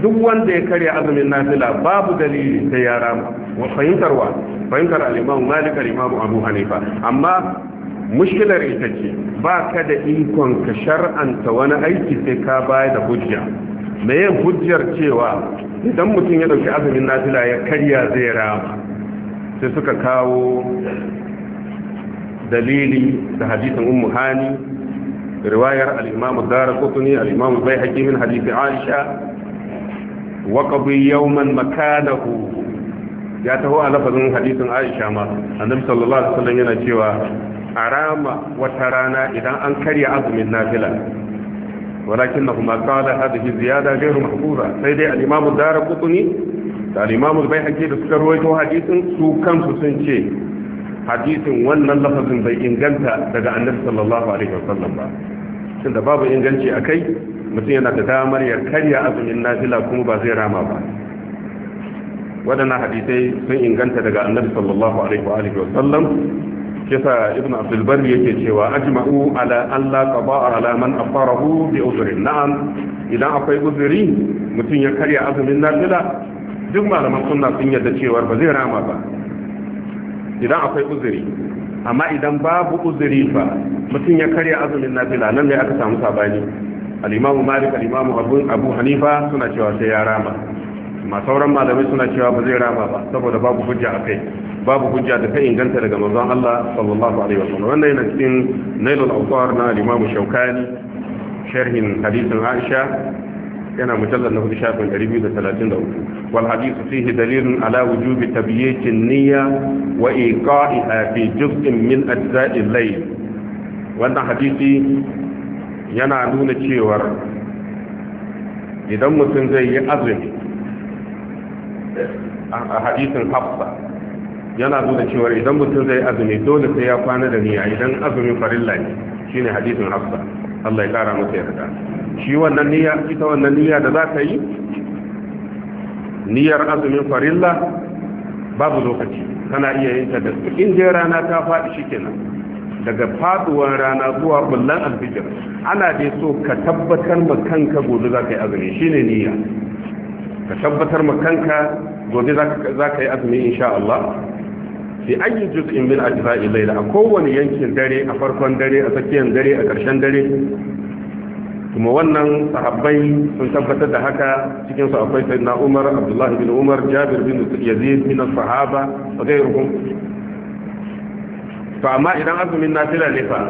duk wanda ya karya azumin nafila babu dalili sai ya rama wa wa fahimtar al-imam malik al-imam abu hanifa amma mushkilar ita ce ba ka da ikon ka shar'anta wani aiki sai ka baya da hujja me yin hujjar cewa idan mutum ya dauki azumin nafila ya karya zai rama sai suka kawo dalili da hadisin ummu hani riwayar al-imam ad-darqutni al-imam al min hadisi aisha wa qadi yawman makanahu ya taho a lafazin hadisin aisha ma annabi sallallahu alaihi wasallam yana cewa arama wata rana idan an karya azumin nafila ولكنه ما قال هذه الزيادة غير محفوظة سيدي الإمام الدار قطني الإمام البيحكي لسكرويته حديث سو sun ce. hadisin wannan lafazin bai inganta daga annabi sallallahu alaihi wasallam ba da babu inganci a kai mutum yana da damar ya karya azumin nafila kuma ba zai rama ba waɗannan hadisai sun inganta daga annabi sallallahu alaihi wa alihi wasallam kisa ibnu abdul barri yake cewa ajma'u ala an la qada'a ala man afarahu bi uzrin na'am idan akwai uzuri mutum ya karya azumin nafila duk malaman sunna sun yarda cewa ba zai rama ba idan akwai uzuri amma idan babu uzuri ba mutum ya karya azumin nafila nan ne aka samu sabani alimamu malik alimamu abu abu hanifa suna cewa sai ya rama amma sauran malamai suna cewa ba zai rama ba saboda babu hujja a kai babu hujja da ta inganta daga manzon Allah sallallahu alaihi wasallam wannan yana cikin nailul awsar na al shaukani sharhin hadithin aisha yana mujallar na hudu shafin 233 wal hadisu fihi dalilin ala wujubi tabiyyacin niyya wa iqa'iha fi juz'in min ajza'il layl wannan hadisi yana nuna cewar idan mutum zai yi azumi a hadisin hafsa yana nuna cewar idan mutum zai azumi dole sai ya kwana da niyya idan azumin farilla ne shine hadisin hafsa Allah ya kara masa yarda shi wannan niyya ita wannan niyya da za ka yi niyyar azumin farilla babu lokaci kana iya yin ta da in je rana ta faɗi shikenan daga faduwar rana zuwa bullan alfijir ana dai so ka tabbatar ma kanka gobe za ka yi azumi shine niyya ka tabbatar ma kanka gobe za ka yi azumi insha Allah fi ayi juz'in min ajza'i layla a kowane yankin dare a farkon dare a tsakiyar dare a ƙarshen dare kuma wannan sahabbai sun tabbatar da haka cikin su akwai sayyidina Umar Abdullah bin Umar Jabir bin Yazid bin sahaba wa ghayruhum to amma idan azumin nafila ne fa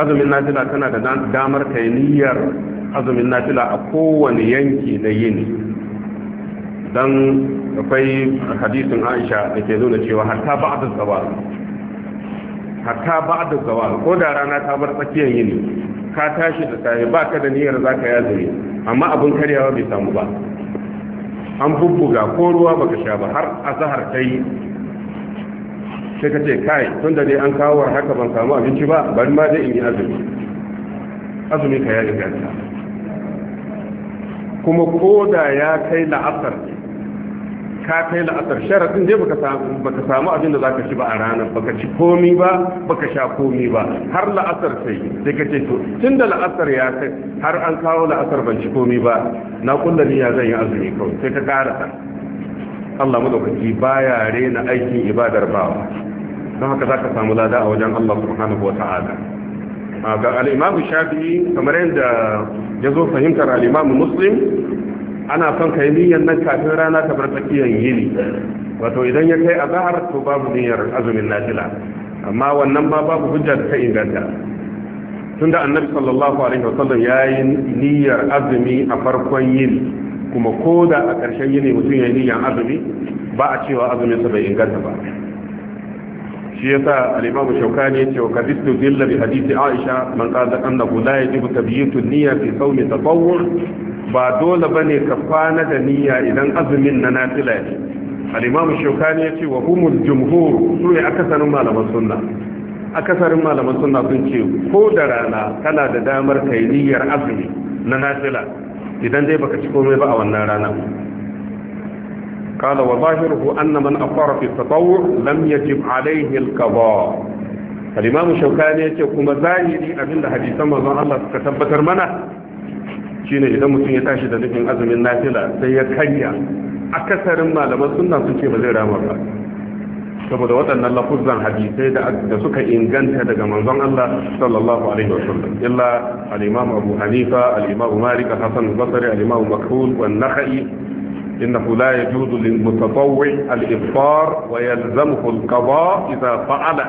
azumin nafila tana da damar kai niyyar azumin nafila a kowane yanki da yini dan akwai hadisin Aisha da ke nuna cewa hatta ba'da zawal hatta ba'da zawal ko da rana ta bar tsakiyar yini ka tashi da safe ba ka da niyyar za ka yi azumi amma abin karyawa bai samu ba an bubbuga ko ruwa baka sha ba har azahar ta yi sai ka ce kai tun da dai an kawo haka ban samu abinci ba bari ma dai in yi azumi azumi ka ya inganta kuma ko da ya kai la'asar ka kai la'asar sharaɗin dai baka samu abin da zaka ci ba a ranar baka ci komi ba baka sha komi ba har la'asar sai sai ka ce to tun da la'asar ya kai har an kawo la'asar ban ci komi ba na kulla ya zan yi azumi kawai sai ka kara Allah madaukaki baya rena aikin ibadar bawa don haka zaka samu lada a wajen Allah subhanahu wa ta'ala ga al-Imam shafi'i kamar yadda ya zo fahimtar al-Imam muslim ana son ka yi niyyar nan kafin rana ta bar tsakiyar yini wato idan ya kai zahar to babu niyyar azumin nafila amma wannan ba babu hujja da ta inganta tunda annabi sallallahu alaihi wasallam ya yi niyyar azumi a farkon yini kuma ko da a ƙarshen yini mutum ya yi niyyar azumi ba a cewa azuminsa sa bai inganta ba shi yasa al-imamu shaukani ce wa kadistu dilla hadisi aisha man qala annahu la yajibu tabyitu niyya fi sawmi ba dole bane ka kwana da niyya idan azumin na nafila ne al-imam shaukani yace wa humul jumhur su ne akasarin malaman sunna akasarin malaman sunna sun ce ko da rana kana da damar kai niyyar azumi na nafila idan dai baka ci komai ba a wannan rana قال وظاهره أن من أفار في التطوع لم يجب عليه القضاء الإمام الشوكاني يقول ظاهري أبن حديث ما الله تتبتر منه shine idan mutum ya tashi da nufin azumin nafila sai ya karya akasarin malaman sunna sun ce ba zai rama ba saboda waɗannan lafuzan hadisai da suka inganta daga manzon Allah sallallahu alaihi wasallam illa al-imam Abu Hanifa al-imam Malik al-Hasan al-Basri al-imam Makhul wa an-Nakhai innahu la yajuzu lil mutatawwi' al-ifṭar wa yalzamuhu al-qadā' idha fa'ala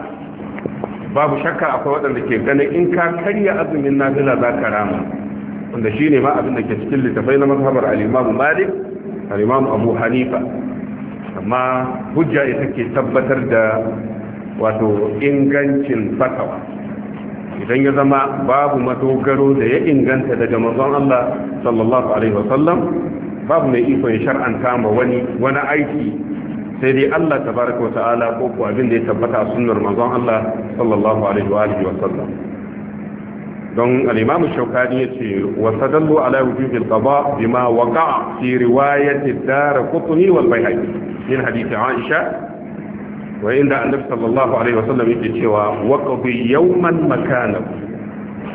babu shakka akwai waɗanda ke ganin in ka karya azumin nafila za ka rama wanda shi ne ma abin da ke cikin littafai na mazhabar al'imamu malik al'imamu abu hanifa amma hujja ita ke tabbatar da wato ingancin fatawa idan ya zama babu matogaro da ya inganta daga mazan Allah sallallahu alaihi wasallam babu mai ikon shar'anta ma wani wani aiki sai dai Allah tabaraka wa ta'ala ko ko abin da ya tabbata sunnar manzon Allah sallallahu alaihi wa sallam don al-imam ya ce wa sadallu ala wujub al-qada bima waqa'a fi riwayat ad-darqutni wal bayhaqi min hadith aisha wa inda annabi sallallahu alaihi wasallam yake cewa waqbi yawman makana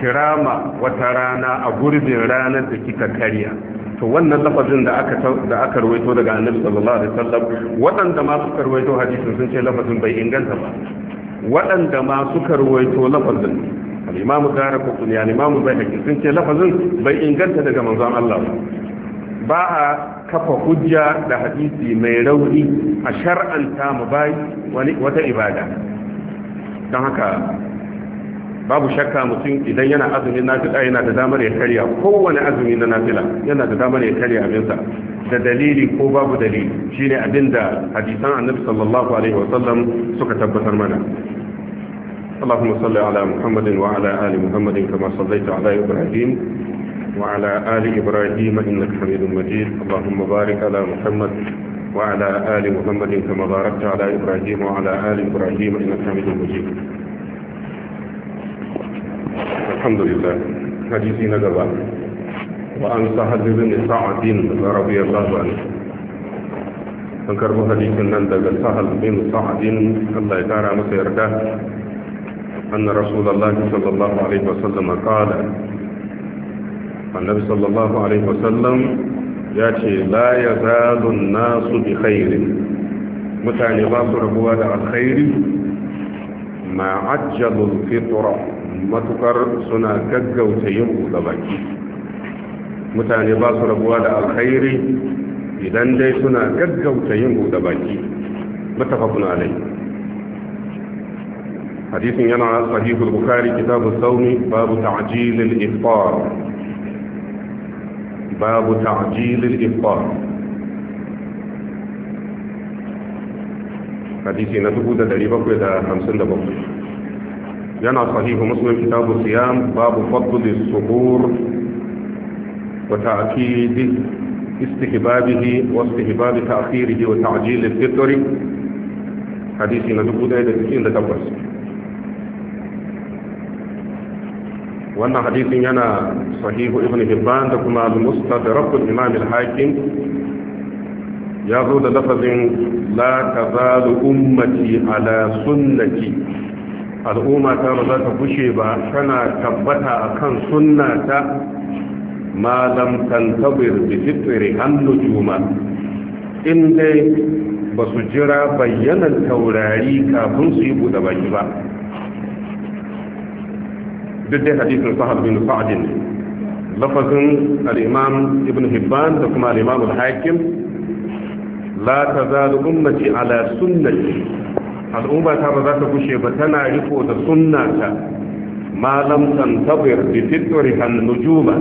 kirama wata rana a gurbin ranar da kika karya to wannan lafazin da aka da aka rawaito daga annabi sallallahu alaihi wasallam waɗanda ma suka rawaito hadisin sun ce lafazin bai inganta ba waɗanda ma suka rawaito lafazin al-imamu darakutun ya imamu bai haƙi sun ce lafazin bai inganta daga manzon Allah ba a kafa hujja da hadisi mai rauni a shar'anta mu bai wata ibada don haka babu shakka mutum idan yana azumi nafila yana da damar ya karya kowane azumi na nafila yana da damar ya karya abinsa da dalili ko babu dalili shine abinda hadisan annabi sallallahu alaihi wasallam suka tabbatar mana اللهم صل على محمد وعلى آل محمد كما صليت على إبراهيم وعلى آل إبراهيم إنك حميد مجيد اللهم بارك على محمد وعلى آل محمد كما باركت على إبراهيم وعلى آل إبراهيم إنك حميد مجيد الحمد لله حديثي نجبا وأن سهل بن سعد رضي الله عنه an karbi hadisin nan daga sahal bin الله Allah ya kara أن رسول الله صلى الله عليه وسلم قال النبي صلى الله عليه وسلم يأتي لا يزال الناس بخير متعني باصر هو الخير ما عجل الفطرة matukar suna gaggauta yin buɗe baki mutane ba su rabuwa da alkhairi idan dai suna gaggauta yin buɗe baki حديث ينا صحيح البخاري كتاب الصوم باب تعجيل الإفطار باب تعجيل الإفطار حديثي نتبو دا دريبك خمسين دبو ينا صحيح مسلم كتاب الصيام باب فضل الصبور وتأكيد استحبابه واستحباب تأخيره وتعجيل الفطر حديثي نتبو دا دريبك دا تبس wannan hadisin yana sahihu ibn hibban da kuma al-mustadrak imam al-hakim ya zo da lafazin la tazalu ummati ala sunnati al'umma ta ba za ta bushe ba tana tabbata akan sunnata ma lam tantabir bi fitri an in dai ba su jira bayyanan taurari kafin su yi buɗe baki ba duk dai hadisin sahal bin sa'ad lafazin al-imam ibn hibban da kuma al-imam al-hakim la tazalu ummati ala sunnati al'umma ta ba za ta gushe ba tana riko da sunnata ma lam tantabir bi fitri han nujuma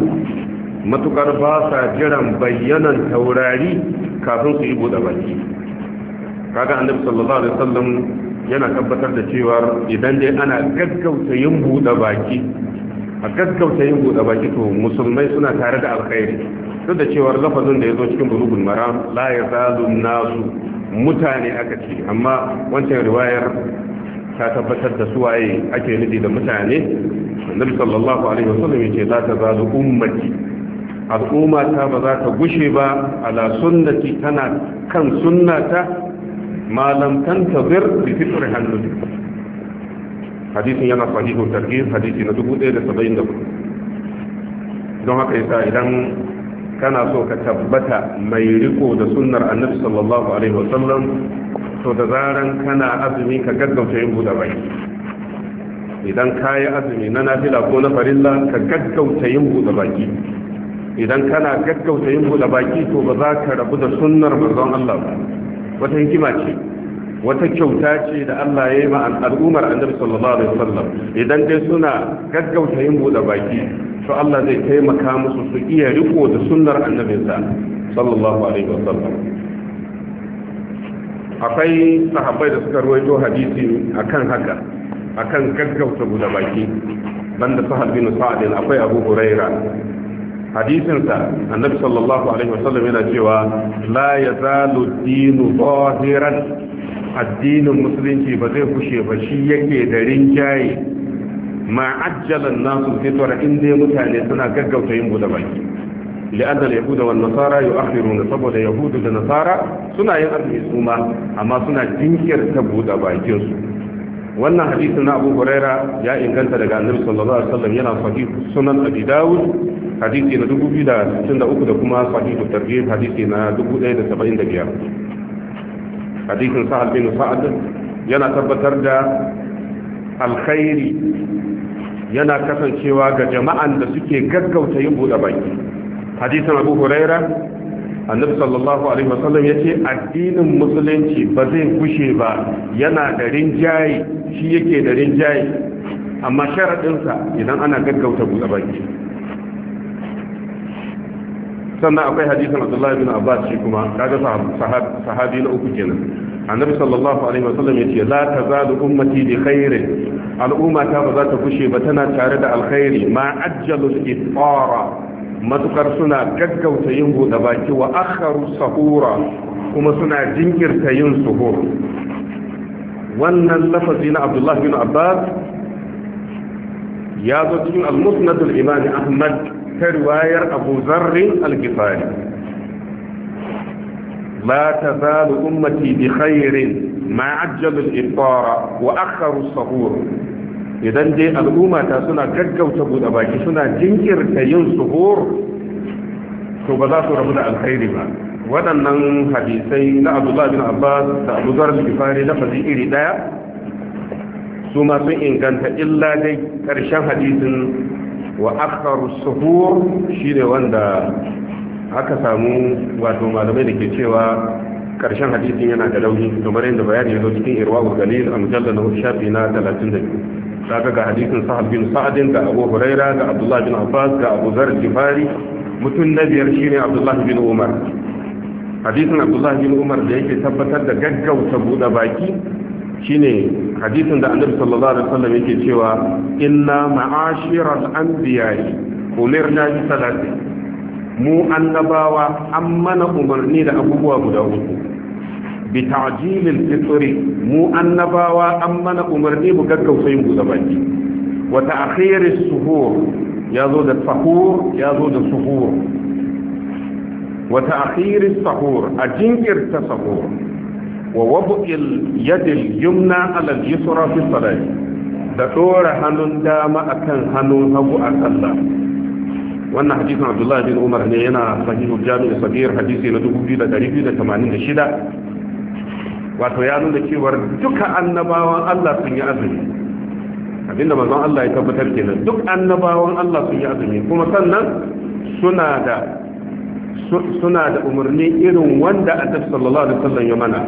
matukar ba sa jiran bayyanan taurari kafin su yi buɗe baki kaga annabi sallallahu alaihi wasallam yana tabbatar da cewa idan dai ana gaggauta yin buɗe baki a gaggauta yin buɗe baki to musulmai suna tare da alkhairi duk da cewar lafazin da ya zo cikin bulugun maram la ya zalu nasu mutane aka ce amma wancan riwayar ta tabbatar da suwaye ake nufi da mutane annabi sallallahu alaihi wasallam yace za ta zalu ummati al'umma ta ba za ta gushe ba ala sunnati tana kan sunnata malam tantazir bi fitr hannu hadisin yana sahihu targhib hadisi na 1074 don haka yasa idan kana so ka tabbata mai riko da sunnar annabi sallallahu alaihi wasallam to da zaran kana azumi ka gaggauta yin buɗe bai idan ka yi azumi na nafila ko na farilla ka gaggauta yin buɗe baki idan kana gaggauta yin buɗe baki to ba za ka rabu da sunnar manzon Allah ba wata hikima ce wata kyauta ce da Allah ya yi ma al'ummar annabi sallallahu alaihi wasallam idan dai suna gaggauta yin buɗe baki to Allah zai taimaka musu su iya riko da sunnar annabinsa sallallahu alaihi wasallam akwai sahabbai da suka ruwaito hadisi akan haka akan gaggauta buɗe baki banda sahal bin sa'ad akwai abu huraira hadisinsa annabi sallallahu alaihi wasallam yana cewa la yazalu dinu zahiran addinin musulunci ba zai fushe ba shi yake da rinjaye ma ajjalan nasu fitar dai mutane suna gaggauta yin buɗe baki لأن اليهود والنصارى يؤخرون saboda Yahudu da Nasara suna yin azumi su amma suna jinkirta buɗe bakinsu wannan hadisin na Abu Huraira ya inganta daga Annabi sallallahu alaihi wasallam yana sahih sunan Abi Dawud hadisi na 2063 da kuma sahih tarjih hadisi na 1075 hadisin Sa'ad bin Sa'ad yana tabbatar da alkhairi yana kasancewa ga jama'an da suke gaggauta yin bude baki hadisin Abu Huraira annabi sallallahu alaihi wasallam yace addinin musulunci ba zai gushe ba yana da rinjaye shi yake da rinjaye amma sharadinsa idan ana gaggauta buɗe baki sannan akwai hadisin Abdullahi bin Abbas shi kuma kaga sahabi na uku kenan annabi sallallahu alaihi wasallam yace la tazalu ummati bi khairin al'ummata ba za ta gushe ba tana tare da alkhairi ma ajjalu al-ifara matukar suna gaggauta yin buɗe baki wa akharu sahura kuma suna jinkirta yin suhur wannan lafazi na abdullahi bin abbas ya zo cikin al-musnad al-imam ahmad ta riwayar abu zarrin al-ghifari la tazalu ummati bi khairin ma ajjalu al-ifṭara idan dai al'umma ta suna gaggauta buɗe baki suna jinkirta yin suhur to ba za su rabu da alkhairi ba waɗannan hadisai na Abdullahi bin abbas da abuzar bifari na fazi iri ɗaya su masu inganta illa dai ƙarshen hadisin wa akharu suhur shine wanda aka samu wato malamai da ke cewa ƙarshen hadisin yana da rauni kamar yadda bayani ya zo cikin irwa galil a mujallar na shafi na 32 kaga ga hadisin sahab bin sa'adin ga abu huraira ga abdullah bin abbas ga abu zar jifari mutum na biyar shine abdullah bin umar hadisin abdullah bin umar da yake tabbatar da gaggauta buɗe baki shine hadisin da annabi sallallahu alaihi wasallam yake cewa inna ma'ashiral anbiya'i umirna bi salati mu annabawa an mana umarni da abubuwa guda uku bi ta'jilil fitri mu annabawa an mana umarni mu gaggauta yin buɗe baki wa ta'khiri suhur ya zo da sahur ya zo da suhur wa ta'khiri sahur a jinkirta sahur wa wabu'il yadil yumna ala al-yusra da dora hannun dama akan hannun hagu a sallah wannan hadisin abdullahi bin umar ne yana sahihul jami'i hadisi na 2286 wato ya nuna cewar duka annabawan Allah sun yi azumi abinda manzon Allah ya tabbatar kenan duk annabawan Allah sun yi azumi kuma sannan suna da suna da umarni irin wanda Annabi sallallahu alaihi wasallam ya mana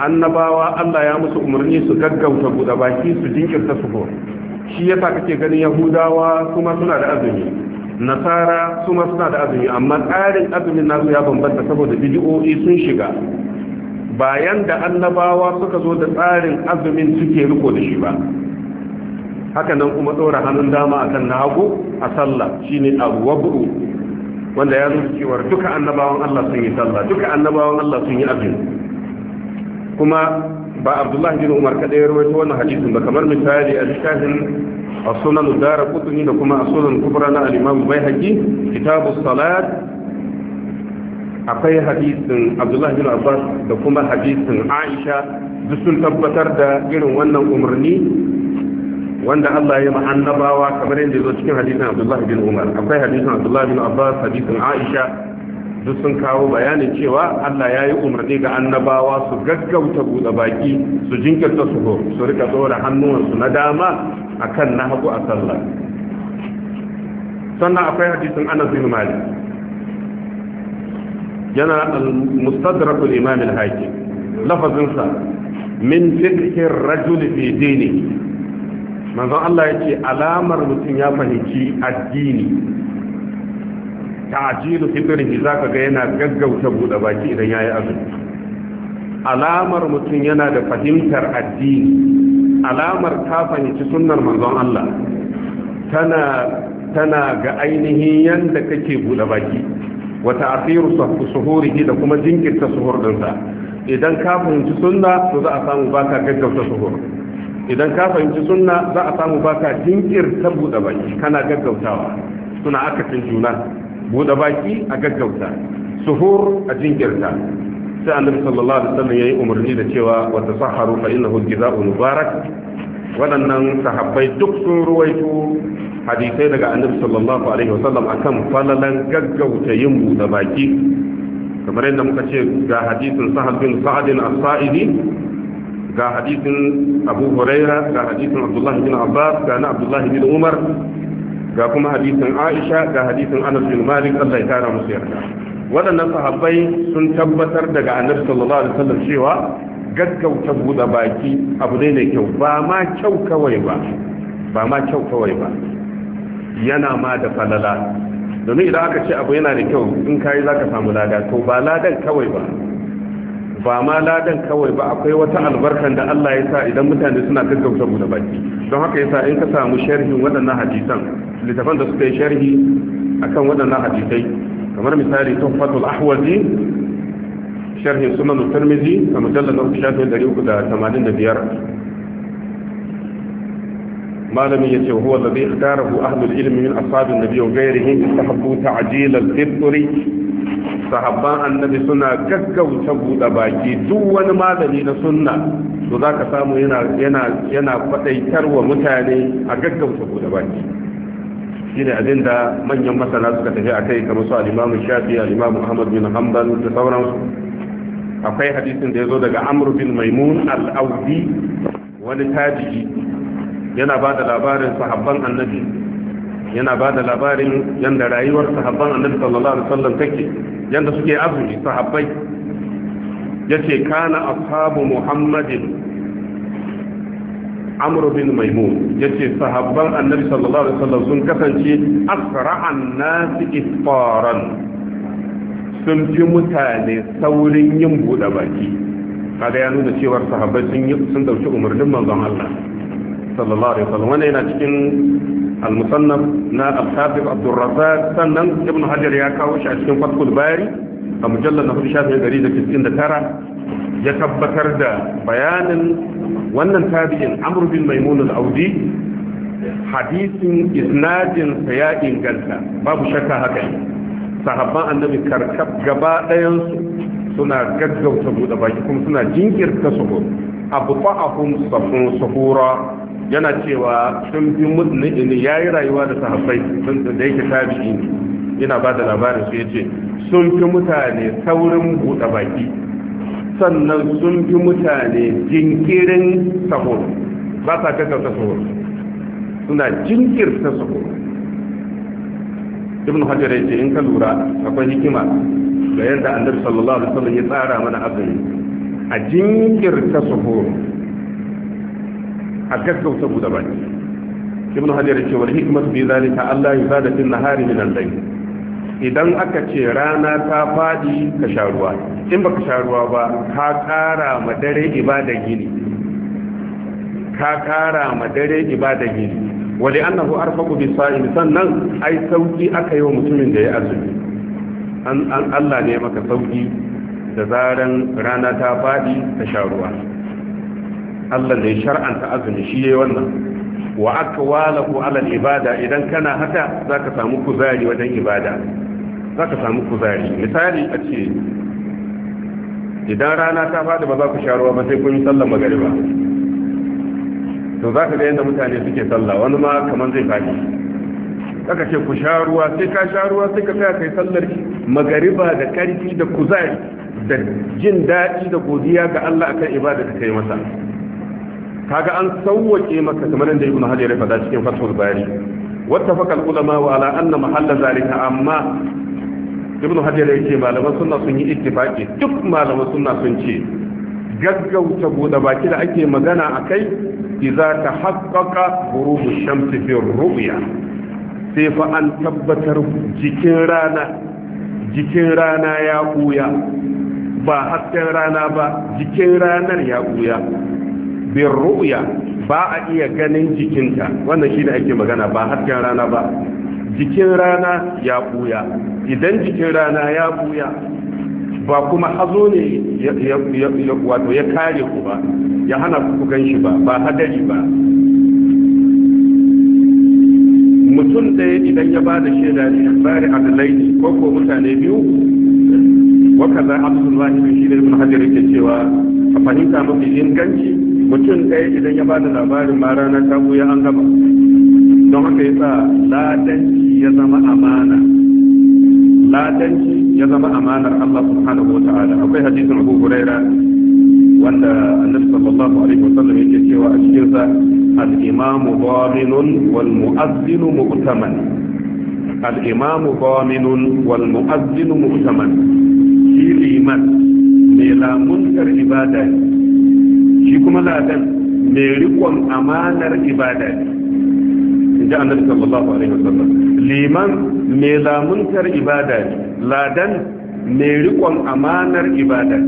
annabawa Allah ya musu umarni su gaggauta buɗe baki su jinkirta suho shi yasa kake ganin Yahudawa kuma suna da azumi nasara kuma suna da azumi amma tsarin azumin nasu ya bambanta saboda bidi'o'i sun shiga bayan da annabawa suka zo da tsarin azumin suke riko da shi ba haka nan kuma tsora hannun dama akan na hagu a sallah shine abuwabu wanda ya zuci cewa duka annabawan Allah sun yi sallah duka annabawan Allah sun yi azumi kuma ba Abdullahi bin Umar kaɗai ya rawaito wannan hadisin ba kamar misali a littafin السنن da kuma لكما na الكبرى للإمام بيهقي kitabu Salat. akwai hadisin abdullahi bin abbas da kuma hadisin aisha duk sun tabbatar da irin wannan umarni wanda Allah ya annabawa kamar yadda zo cikin hadisin abdullahi bin umar akwai hadisin abdullahi bin abbas hadisin aisha duk sun kawo bayanin cewa Allah ya yi umarni ga annabawa su gaggauta buɗe baki su jinkirta su su rika tsora hannuwansu na dama akan na hagu a sallah sannan akwai hadisin anas bin malik yana al-mustadrak al-imam al-hakim lafazin sa min fiqhi ar-rajul fi dini manzon Allah yace alamar mutum ya fahimci addini ta'jilu fitrihi zaka ga yana gaggauta bude baki idan yayi azumi alamar mutum yana da fahimtar addini alamar ka fahimci sunnar manzon Allah tana tana ga ainihin yanda kake bude baki wa ta'thiru suhurihi da kuma jinkirta suhur dinsa idan ka fahimci sunna to za a samu baka gaggauta suhur idan ka fahimci sunna za a samu baka jinkirta buɗe baki kana gaggautawa suna akasin juna buɗe baki a gaggauta suhur a jinkirta sai annabi sallallahu alaihi wasallam yayi umarni da cewa wa tasahharu fa innahu al-ghidha'u mubarak waɗannan sahabbai duk sun ruwaito hadisai daga annabi sallallahu alaihi wasallam akan falalan gaggauta yin buɗe baki kamar yadda muka ce ga hadisin sahal bin sa'adin as-sa'idi ga hadisin abu huraira ga hadisin abdullahi bin abbas ga na abdullahi bin umar ga kuma hadisin aisha ga hadisin anas bin malik Allah ya kara musu yarda waɗannan sahabbai sun tabbatar daga annabi sallallahu alaihi wasallam cewa gaggauta buɗe baki abu ne mai kyau ba ma kyau kawai ba ba ma kyau kawai ba yana ma da falala domin idan aka ce abu yana da kyau in kayi za ka samu lada to ba ladan kawai ba ba ma ladan kawai ba akwai wata albarkan da Allah ya sa idan mutane suna gaggauta buɗe baki don haka yasa in ka samu sharhin waɗannan hadisan littafan da suka yi sharhi akan waɗannan hadisai kamar misali tuhfatul ahwazi sharhin sunan tirmidhi a mujallar na shafin 385 malamin yace huwa alladhi ikhtarahu ahlul ilmi min ashabin nabiy wa ghayrihim istahabbu ta'jil al-fitr sahabban annabi suna gaggauta buɗe baki duk wani malami na sunna to zaka samu yana yana yana faɗaitarwa mutane a gaggauta buɗe baki shine abin da manyan masana suka tafi a kai kamar su al Shafi Ahmad bin da akwai hadisin da ya zo daga Amur bin maimun al-audi wani tajiji yana ba da labarin sahabban annabi yana ba da labarin yadda rayuwar sahabban annabi sallallahu alaihi wasallam take yadda suke azumi sahabbai ce kana ashabu muhammadin Amur bin maimun ya ce sahabban annabi sallallahu alaihi wasallam sun kasance asra'an nasi iftaran sun fi mutane saurin yin buɗe baki kada ya nuna cewar sahabbai sun dauki umarnin manzon Allah sallallahu alaihi wasallam wannan yana cikin al-musannaf na al-hafiz Abdul sannan Ibn Hajar ya kawo shi a cikin Fathul Bari a mujallar na hudu shafin gari da da tara ya tabbatar da bayanin wannan tabi'in Amr bin Maimun al-Audi hadisin isnadin sa ya inganta babu shakka haka sahabban annabi karkab gaba ɗayansu suna gaggauta buɗe baki kuma suna jinkirta suhur abu fa'ahum safun suhura yana cewa sun bi mutane ya yi rayuwa da sahabbai sun da yake tabi'i yana ba da labarin su yace sun fi mutane saurin buɗe baki sannan sun fi mutane jinkirin sahur ba sa gaggauta sahur suna jinkirta sahur ibn hajar ya ce in ka lura akwai hikima ga yadda annabi sallallahu alaihi wasallam ya tsara mana azumi a jinkirta suhur a gaggauta buɗe baki ibn hajar ya ce wal hikmatu bi zalika Allah yuzada nahari min al-layl idan aka ce rana ta fadi ka sha ruwa in baka sha ruwa ba ka kara ma dare ibada gini ka kara ma dare ibada gini wa li'annahu arfaqu bi sa'il sannan ai sauki aka yi wa mutumin da ya azumi an Allah ne maka sauki da zaren rana ta faɗi ta sha ruwa Allah ne shar'anta azumi shi ya yi wannan wa aka akwalahu ala ibada idan kana haka za ka samu kuzari wajen ibada Za ka samu kuzari misali a ce idan rana ta faɗi ba za ku sha ruwa ba sai kun yi sallar magariba to za ka ga yadda mutane suke sallah wani ma kamar zai faɗi aka ce ku sha ruwa sai ka sha ruwa sai ka tsaya kai sallar magariba da karfi da kuzari da jin daɗi da godiya ga Allah akan ibada da kai masa kaga an sauwake maka kamar da Ibn hajar ya faɗa cikin fathul bari wattafaqa al-ulama wa ala anna mahalla zalika amma Ibn hajar yake malaman sunna sun yi ittifaqi duk malaman sunna sun ce gaggauta buɗe baki da ake magana a kai iza ta haƙaƙa shamsi fi ru'ya sai fa an tabbatar jikin rana jikin rana ya ɓuya ba hasken rana ba jikin ranar ya ɓuya bin ru'ya ba a iya ganin jikinta wannan shi ake magana ba hasken rana ba jikin rana ya ɓuya idan jikin rana ya ɓuya ba kuma hazo ne wato ya kare ku ba ya hana ku gan shi ba ba hadari ba mutum ɗaya idan ya ba da shaida ne tsari a dalaini ko ko mutane biyu waka za a abdullahi bin shi da ibn hajar yake cewa a fahimta mafi inganci mutum ɗaya idan ya ba da labarin ma ranar ta ya an gama don haka ya sa ladanci ya zama amana ladanci ya zama amanar Allah subhanahu wa ta'ala akwai hadisin Abu Huraira wanda Annabi sallallahu alaihi wa sallam yake cewa a cikin sa al-imam dhaminun wal mu'azzin mu'taman al-imam dhaminun wal mu'azzin mu'taman shi liman mai lamuntar ibada shi kuma ladan mai rikon amanar ibada ne in ji annabi sallallahu alaihi wa sallam liman mai lamuntar ibada ne ladan mai rikon amanar ibada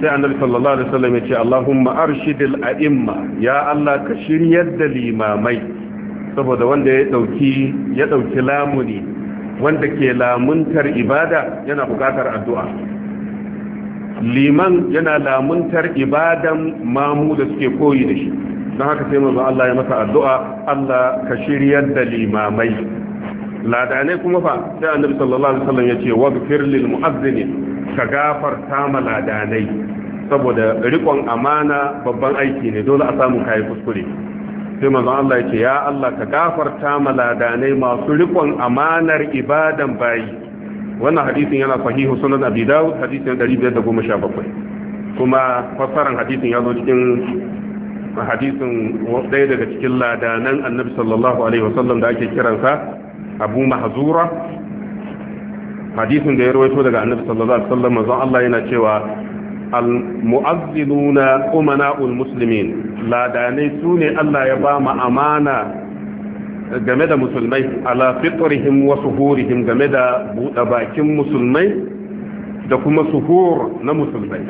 sai annabi sallallahu alaihi wasallam ya ce Allahumma arshidil a'imma ya Allah ka shiryar da limamai saboda wanda ya dauki ya dauki lamuni wanda ke lamuntar ibada yana buƙatar addu'a liman yana lamuntar ibadan mamu da suke koyi da shi don haka sai manzo Allah ya masa addu'a Allah ka shiryar da limamai ladanai kuma fa sai annabi sallallahu alaihi wasallam ya ce waghfir lil mu'azzini ka gafarta ma ladanai saboda rikon amana babban aiki ne dole a samu kai kuskure sai manzon Allah ya ce ya Allah ka gafarta ma ladanai masu rikon amanar ibadan bayi wannan hadisin yana sahihu sunan abi dawud hadisin 517 kuma fassaran hadisin ya zo cikin hadisin ɗaya daga cikin ladanan annabi sallallahu alaihi wasallam da ake kiransa abu mahzura hadisin da ya rawaito daga annabi sallallahu alaihi wasallam manzo Allah yana cewa al mu'azzinuna umana'ul muslimin ladanai sune Allah ya ba mu amana game da musulmai ala fitrihim wa suhurihim game da buɗe bakin musulmai da kuma suhur na musulmai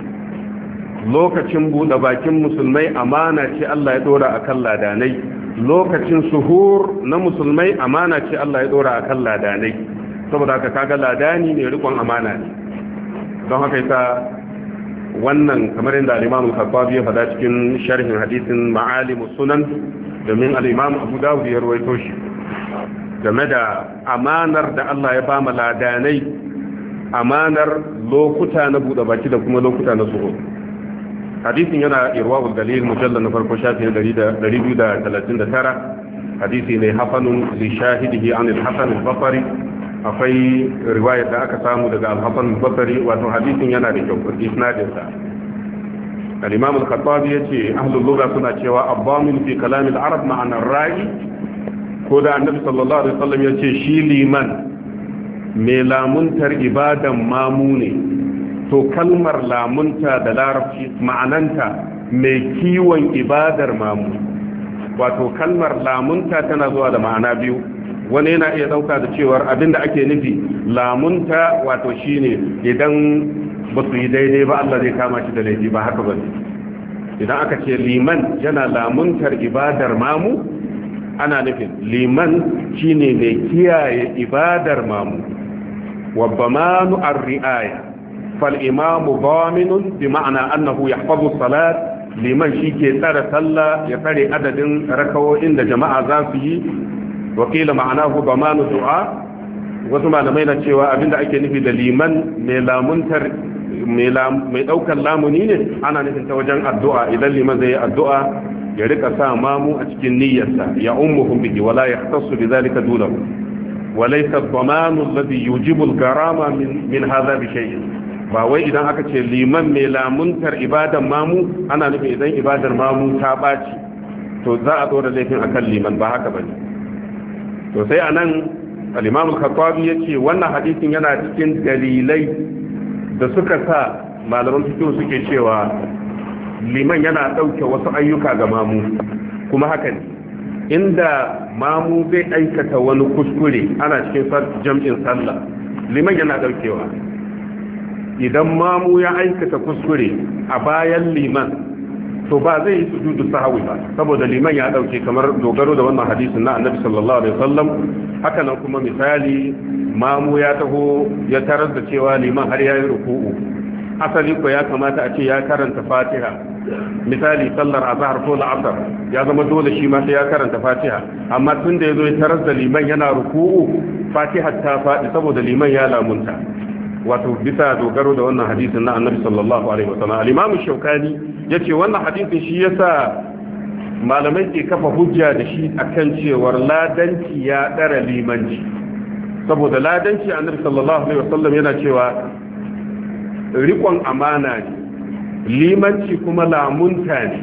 lokacin buɗe bakin musulmai amana ce Allah ya a akan ladanai lokacin suhur na musulmai amana ce Allah ya a akan ladanai saboda haka kaga ladani ne rikon amana ne don haka yasa wannan kamar yadda al-Imam al ya faɗa cikin sharhin hadisin Ma'alim sunan domin al Abu Dawud ya rawaito shi game da amanar da Allah ya ba ladanai amanar lokuta na buɗe baki da kuma lokuta na suhur hadisin yana irwahul dalil mujallal na farko shafi 239 hadisi ne hafanun li shahidihi an al-hasan al-basri akwai riwayar da aka samu daga al-hasan al-basri wato hadisin yana da kyau isnadin sa al-imam al-khattabi yace ahlul lugha suna cewa abbamin fi kalam al-arab ma'ana rai ko da annabi sallallahu alaihi wasallam yace shi liman me lamuntar ibadan mamu ne to kalmar lamunta da larabci ma'ananta mai kiwon ibadar mamu wato kalmar lamunta tana zuwa da ma'ana biyu wani yana iya dauka da cewar da ake nufi lamunta wato shine idan ba su yi daidai ba Allah zai kama shi da laifi ba haka ba idan aka ce liman yana lamuntar ibadar mamu ana nufin liman shine mai kiyaye ibadar mamu wabba manu ri'aya فالإمام ضامن بمعنى أنه يحفظ الصلاة liman shi ke tsara sallah ya tsare adadin rakawo'in da jama'a za su yi wakila ma'anahu ba manu du'a wasu malamai na cewa abinda ake nufi da liman mai lamuntar mai daukar lamuni ne ana nufin ta wajen addu'a idan liman zai yi addu'a ya rika sa mamu a cikin niyyarsa ya ummuhum bihi wala bi zalika dulahu wa laysa dhamanu garama min min ba wai idan aka ce liman mai lamuntar ibadar mamu ana nufin idan ibadar mamu ta ɓaci to za a tsora laifin akan liman ba haka bane to sai anan nan imam kakwabi ya ce wannan hadisin yana cikin dalilai da suka sa malaman cikin suke cewa liman yana ɗauke wasu ayyuka ga mamu kuma haka ne inda mamu zai aikata wani kuskure ana cikin jam'in sallah liman yana ɗaukewa. idan mamu ya aikata kuskure a bayan liman to ba zai yi sujudu sahawi ba saboda liman ya dauke kamar dogaro da wannan hadisin na annabi sallallahu alaihi wasallam haka nan kuma misali mamu ya taho ya tarar da cewa liman har ya yi ruku'u asali ko ya kamata a ce ya karanta fatiha misali sallar azhar ko la'asar ya zama dole shi ma sai ya karanta fatiha amma tun da yazo ya tarar da liman yana ruku'u fatiha ta faɗi saboda liman ya lamunta wato bisa dogaro da wannan hadisin na annabi sallallahu alaihi wasallam al-imam shaukani yace wannan hadisin shi yasa malamai ke kafa hujja da shi akan cewar ladanci ya dara limanci saboda ladanci annabi sallallahu alaihi sallam yana cewa rikon amana ne limanci kuma lamunta ne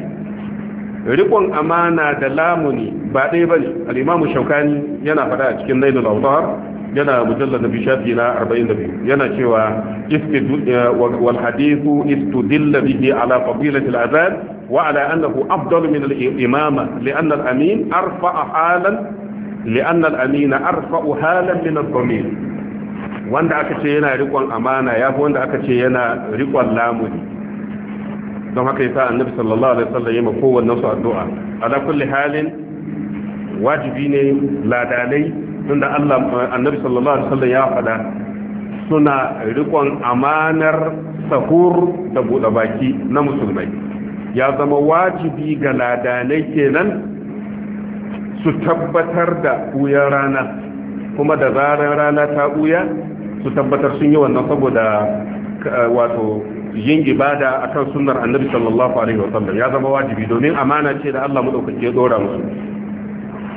rikon amana da lamuni ba ɗaya bane al-imam shaukani yana faɗa a cikin nailul awtar yana mujallada bi shafi na 42 yana cewa eh, wal hadithu istudilla bihi ala fadilati al-azan wa ala annahu afdalu min al-imama li'anna al-amin arfa'a halan li'anna al-amin arfa'u halan min al-dhamir wanda aka ce yana rikon amana yafi wanda aka ce yana rikon lamuni don haka yasa annabi sallallahu alaihi wasallam yayin kowanne su addu'a ala kulli halin wajibi ne ladalai tunda Allah annabi sallallahu alaihi wasallam ya faɗa suna rikon amanar sahur da buɗe baki na musulmai ya zama wajibi ga ladanai kenan su tabbatar da ɓuyar rana kuma da zarar rana ta ɓuya su tabbatar sun yi wannan saboda eh, wato yin ibada akan sunnar annabi sallallahu alaihi wasallam ya zama wajibi domin amana ce da Allah dauke ya dora musu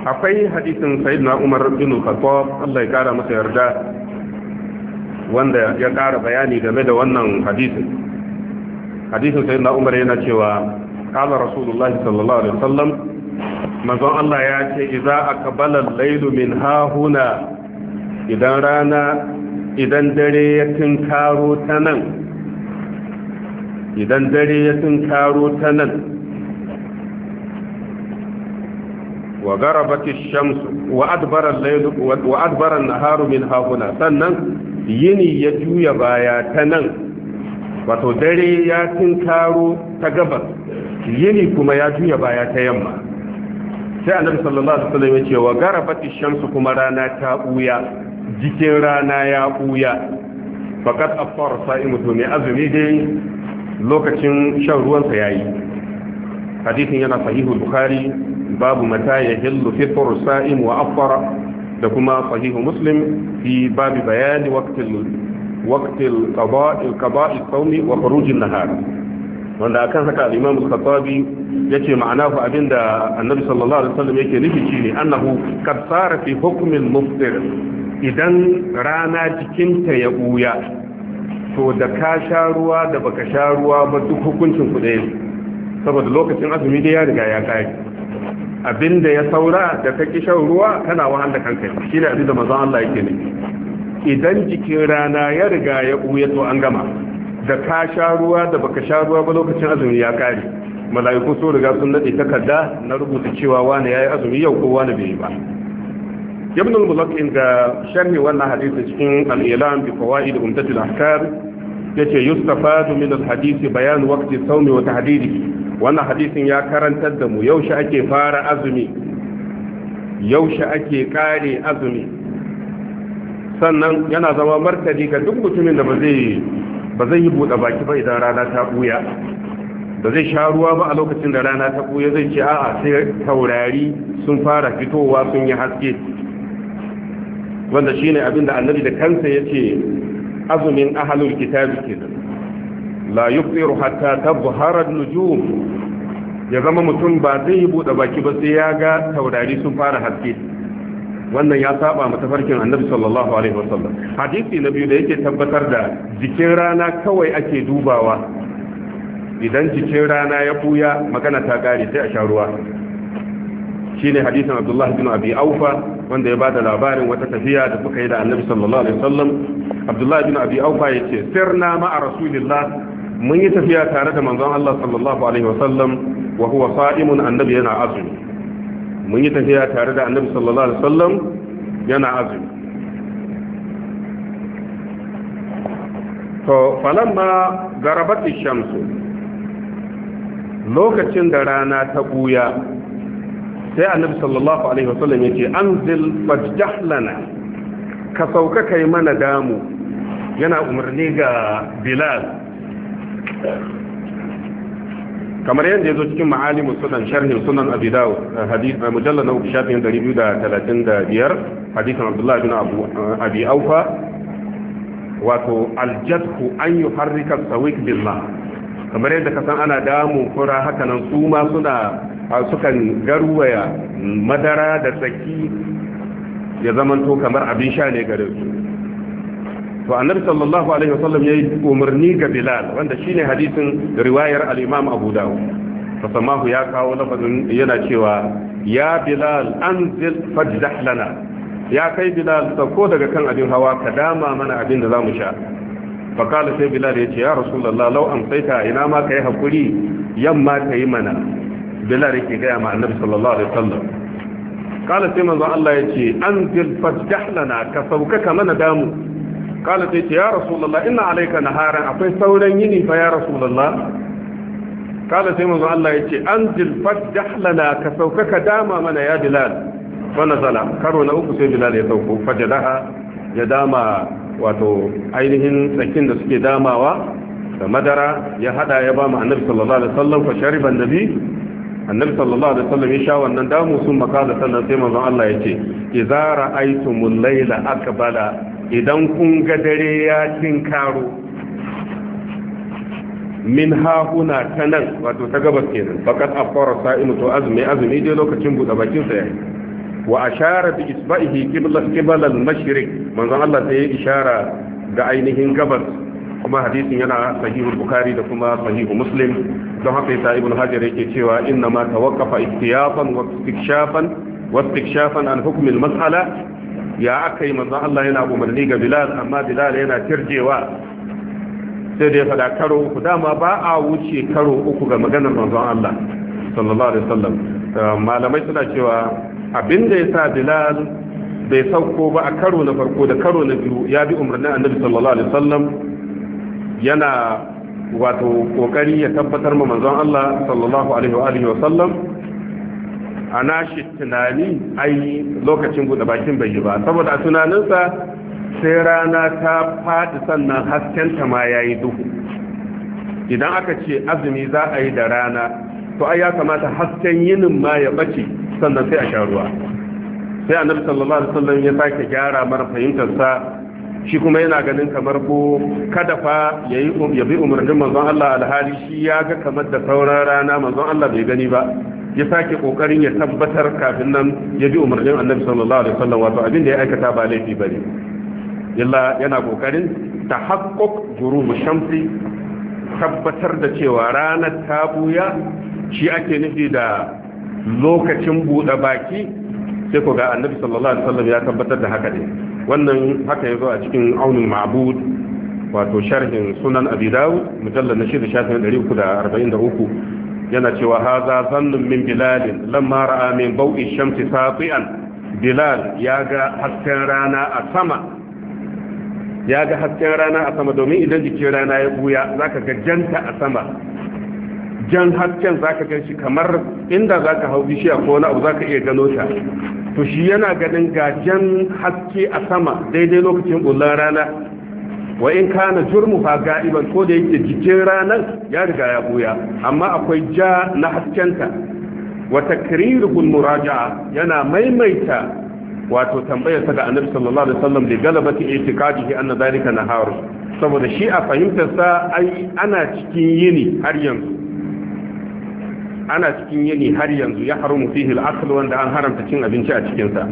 akwai hadisin sayyidina umar bin khattab Allah ya kara masa yarda wanda ya kara bayani game da wannan hadisin hadisin sayyidina umar yana cewa qala rasulullahi sallallahu alaihi wasallam manzon Allah ya ce idza aqbala al-laylu min hahuna idan rana idan dare ya tinkaro ta nan idan dare ya tinkaro ta nan wa garabati shamsu wa adbara al-layl wa adbara an sannan yini ya juya baya ta nan wato dare ya tinkaro ta gabas yini kuma ya juya baya ta yamma sai annabi sallallahu alaihi wasallam ya ce wa garabati shamsu kuma rana ta buya jikin rana ya buya faqad afara sa'imu azumi dai lokacin shan ruwansa yayi hadisin yana sahihul bukhari babu mata ya hillu fitr sa'im wa afara da kuma sahihu muslim fi babu bayani waqtil waqtil tsauni wa farujin nahar wanda akan haka al al-khattabi yace ma'ana fa abinda annabi sallallahu alaihi wasallam yake nufi shine annahu kad sara fi hukm muftir idan rana jikinta ya buya to da ka sha ruwa da baka sha ruwa ba duk hukuncin ku ɗaya saboda lokacin azumi dai ya riga ya kai abinda ya saura da ka ki shan ruwa kana wa kanka shi ne abinda mazan Allah yake ne idan jikin rana ya riga ya ɓuya to an gama da ka sha ruwa da baka sha ruwa ba lokacin azumi ya kare mala'iku sun riga sun nade takarda na rubuta cewa wani yayi azumi yau ko wani bai ba ibn al-mulaqin ga sharhi wannan hadisi cikin al-ilam bi fawaid umdatul ahkam yace yustafadu min al-hadisi bayan waqti sawmi wa tahdidi wannan hadisin ya karantar da mu yaushe ake fara azumi yaushe ake kare azumi sannan yana zama martani ga duk mutumin da ba zai yi buɗe baki ba idan rana ta ɓuya ba zai sha ruwa ba a lokacin da rana ta ɓuya zai ce a'a sai taurari sun fara fitowa sun yi haske wanda shine abin da annabi da kansa ya ce azumin ahalul kitabi kenan la yufiru hatta tabhara nujum ya zama mutum ba zai yi bude baki ba sai ya ga taurari sun fara haske wannan ya saba mu tafarkin annabi sallallahu alaihi wasallam hadisi na biyu da yake tabbatar da jikin rana kawai ake dubawa idan jikin rana ya buya magana ta kare sai a sha ruwa shine hadisin Abdullah bin Abi Aufa wanda ya bada labarin wata tafiya da suka yi da Annabi sallallahu alaihi wasallam Abdullah bin Abi Aufa yace sirna ma'a Rasulillah mun yi tafiya tare da manzon Allah sallallahu alaihi wasallam wa huwa sa'imun annabi yana azumi mun yi tafiya tare da annabi sallallahu alaihi wasallam yana azumi to falamma garabat shamsu lokacin da rana ta buya sai annabi sallallahu alaihi wasallam yace anzil fajdah lana ka sauka kai mana damu yana umarni ga bilal kamar yadda ya zo cikin ma'alimu sunan sharhin sunan abi dawud hadith mujallal na uku shafin 235 hadithan abdullahi bin abu eh, abi aufa wato aljadku an yuharrika sawik billah kamar yadda ka san ana damu kura haka nan su ma suna sukan garuwaya madara da tsaki ya zamanto kamar abin sha ne gare su to annabi sallallahu alaihi wasallam yayi umarni ga bilal wanda shine hadisin riwayar al-imam abu dawud fasamahu ya kawo lafazin yana cewa ya bilal anzil fajdah lana ya kai bilal sauko daga kan abin hawa ka dama mana abin da zamu sha kala sai bilal ya ce ya rasulullah law amsaita ina ma kai hakuri yamma kai mana bilal yake ga ma annabi sallallahu alaihi wasallam kala sai manzo Allah ya ce anzil fajdah lana ka sauka ka mana damu kala sai ce ya rasulullah ina alaika naharan akwai sauran yini fa ya rasulullah kala sai manzo Allah ya ce anzil fajjah lana ka saukaka dama mana ya bilal fa nazala karo na uku sai bilal ya sauko fajadaha ya dama wato ainihin tsakin da suke damawa da madara ya hada ya ba mu annabi sallallahu alaihi wasallam fa shariba annabi annabi sallallahu alaihi wasallam ya sha wannan damu sun makala sannan sai manzon Allah ya ce idza ra'aytumul layla akbala idan kun ga dare ya cin karo min hahuna ta nan wato ta gabas kenan fakat afara sa'imu to azumi azumi dai lokacin buɗe bakin sa yayi wa ashara bi isba'ihi qibla al-mashriq Allah sai ya ishara ga ainihin gabas kuma hadisin yana sahihu bukhari da kuma sahihu muslim don haka yasa ibnu hajar yake cewa inna ma tawaqqafa ihtiyafan wa istikshafan an عن حكم mas'ala ya aka yi manzon Allah yana umarni ga Bilal amma Bilal yana tirjewa sai da ya faɗa karo uku dama ba a wuce karo uku ga maganar manzon Allah sallallahu alaihi wasallam uh, malamai suna cewa abin da ya sa Bilal bai sauko ba a karo na farko da karo na biyu ya bi umarnin Annabi sallallahu alaihi wasallam yana wato kokari ya tabbatar ma manzon Allah sallallahu alaihi wa alihi wasallam a nashi tunani ai lokacin buɗe bakin bai yi ba saboda a tunaninsa sai rana ta faɗi sannan haskenta ma ya yi duhu idan aka ce azumi za a yi da rana to ai ya kamata hasken yinin ma ya ɓace sannan sai a sha ruwa sai annabi sallallahu alaihi wasallam ya sake gyara mara fahimtarsa shi kuma yana ganin kamar ko kada fa um, ya bi umarnin manzon Allah alhali shi ya ga kamar da sauran rana manzon Allah bai gani ba ya sake kokarin ya tabbatar kafin nan ya bi umarnin annabi sallallahu alaihi wasallam wato abin da ya aikata ba laifi bane illa yana kokarin tahaqquq ghurub shamsi tabbatar da cewa ranar ta buya shi ake nufi da lokacin buɗe baki sai ku ga annabi sallallahu alaihi wasallam ya tabbatar da haka ne wannan haka yazo a cikin aunin ma'bud wato sharhin sunan abi dawud mujallal na shida shafin 343 yana cewa haza zannun min bilalin lamma ra'a min bau'i shamsi safi'an bilal ya ga hasken rana a sama ya ga hasken rana a sama domin idan jikin rana ya buya zaka ga janta a sama jan hasken zaka gan shi kamar inda zaka hau bishiya ko na abu zaka iya gano ta to shi yana ganin ga jan haske a sama daidai lokacin bullan rana wa in kana jurmu fa ga'iban ko da yake jikin ranar ya riga ya buya amma akwai ja na haskenta wa takrirul muraja'a yana maimaita wato tambayar ta ga annabi sallallahu alaihi wasallam da galabati itiqadihi anna dhalika nahar saboda shi a fahimtar sa ai ana cikin yini har yanzu ana cikin yini har yanzu ya haramu fihi al wanda an haramta cin abinci a cikin sa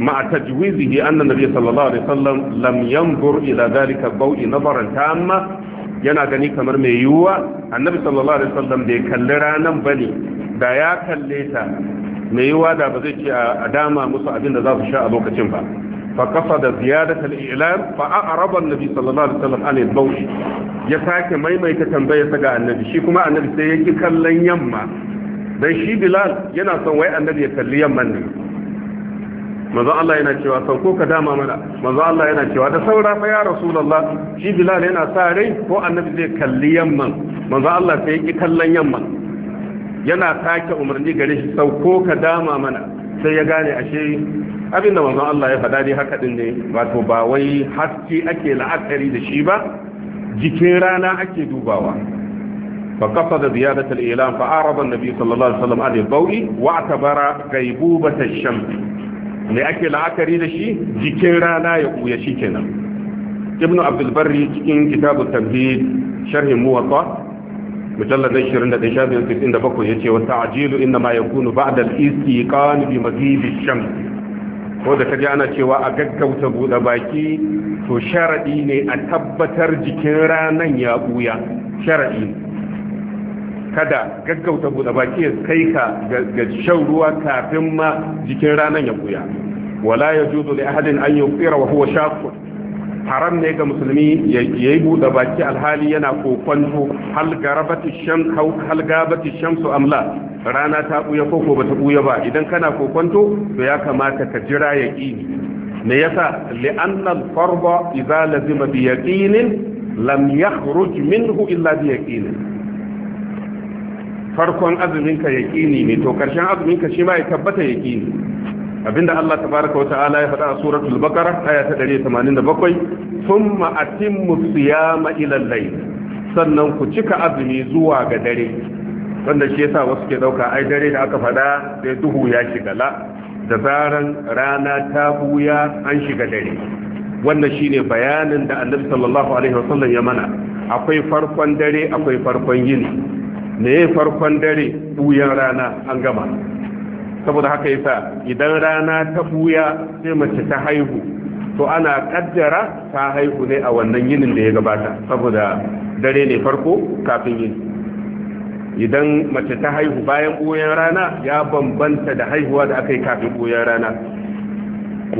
مع تجويزه أن النبي صلى الله عليه وسلم لم ينظر إلى ذلك الضوء نظرا تاما yana gani kamar mai yiwuwa annabi sallallahu alaihi wasallam bai kalli ranan bane da ya kalle mai yiwuwa da ba zai ce a dama musu abin da za su sha a lokacin ba fa kafa da ziyadat al fa ya sake maimaita tambayar ta ga annabi shi kuma annabi sai ki kallon yamma dan shi bilal yana son wai annabi ya kalli yamman ne manzo Allah yana cewa sauko ka dama mana manzo Allah yana cewa da saura fa ya rasulullah shi bilal yana sa rai ko annabi zai kalli yamman manzo Allah sai yake kallon yamman yana sake umarni gare shi sauko ka dama mana sai ya gane ashe abinda manzo Allah ya faɗa dai haka din ne wato ba wai haske ake la'akari da shi ba jikin rana ake dubawa فقصد زيادة الإعلام فأعرض النبي صلى الله عليه وسلم عن الضوء واعتبر غيبوبة الشمس me ake la'akari da shi jikin rana ya kuya shi kenan ibnu abdul barri cikin kitabu tamhid sharhi muwatta mujallad 21 shafin 67 yace wa ta'jilu inna ma yakunu ba'da al-istiqan bi maghibi ash-shams ko da kaji ana cewa a gaggauta bude baki to sharadi ne a tabbatar jikin ranan ya kuya sharadi kada gaggauta buɗe baki ya kai ka ga shan ruwa kafin ma jikin ranar ya buya wala ya juzu li ahadin an yuqira wa huwa shaqq haram ne ga musulmi yi buɗe baki alhali yana kokonto hal garabati shamsu amla rana ta buya ko ko bata buya ba idan kana kokonto to ya kamata ka jira yaqini me yasa li'anna al-farda idza lazima bi yaqinin lam yakhruj minhu illa bi yaqinin farkon azuminka yaƙini ne to ƙarshen azuminka shi ma ya tabbata yaƙini abinda Allah tabaraka wa ta'ala ya faɗa a suratul baqara aya ta 187 thumma atimmu siyama ila al-layl sannan ku cika azumi zuwa ga dare wanda shi yasa wasu ke dauka ai dare da aka faɗa sai duhu ya shiga la da zaran rana ta buya an shiga dare wannan shine bayanin da Annabi sallallahu alaihi wasallam ya mana akwai farkon dare akwai farkon yini ne farkon dare buyan rana an gama saboda haka yasa idan rana ta buya sai mace ta haihu to ana kaddara ta haihu ne a wannan yinin da ya gabata saboda dare ne farko kafin yin idan mace ta haihu bayan buyan rana ya bambanta da haihuwa da aka yi kafin buyan rana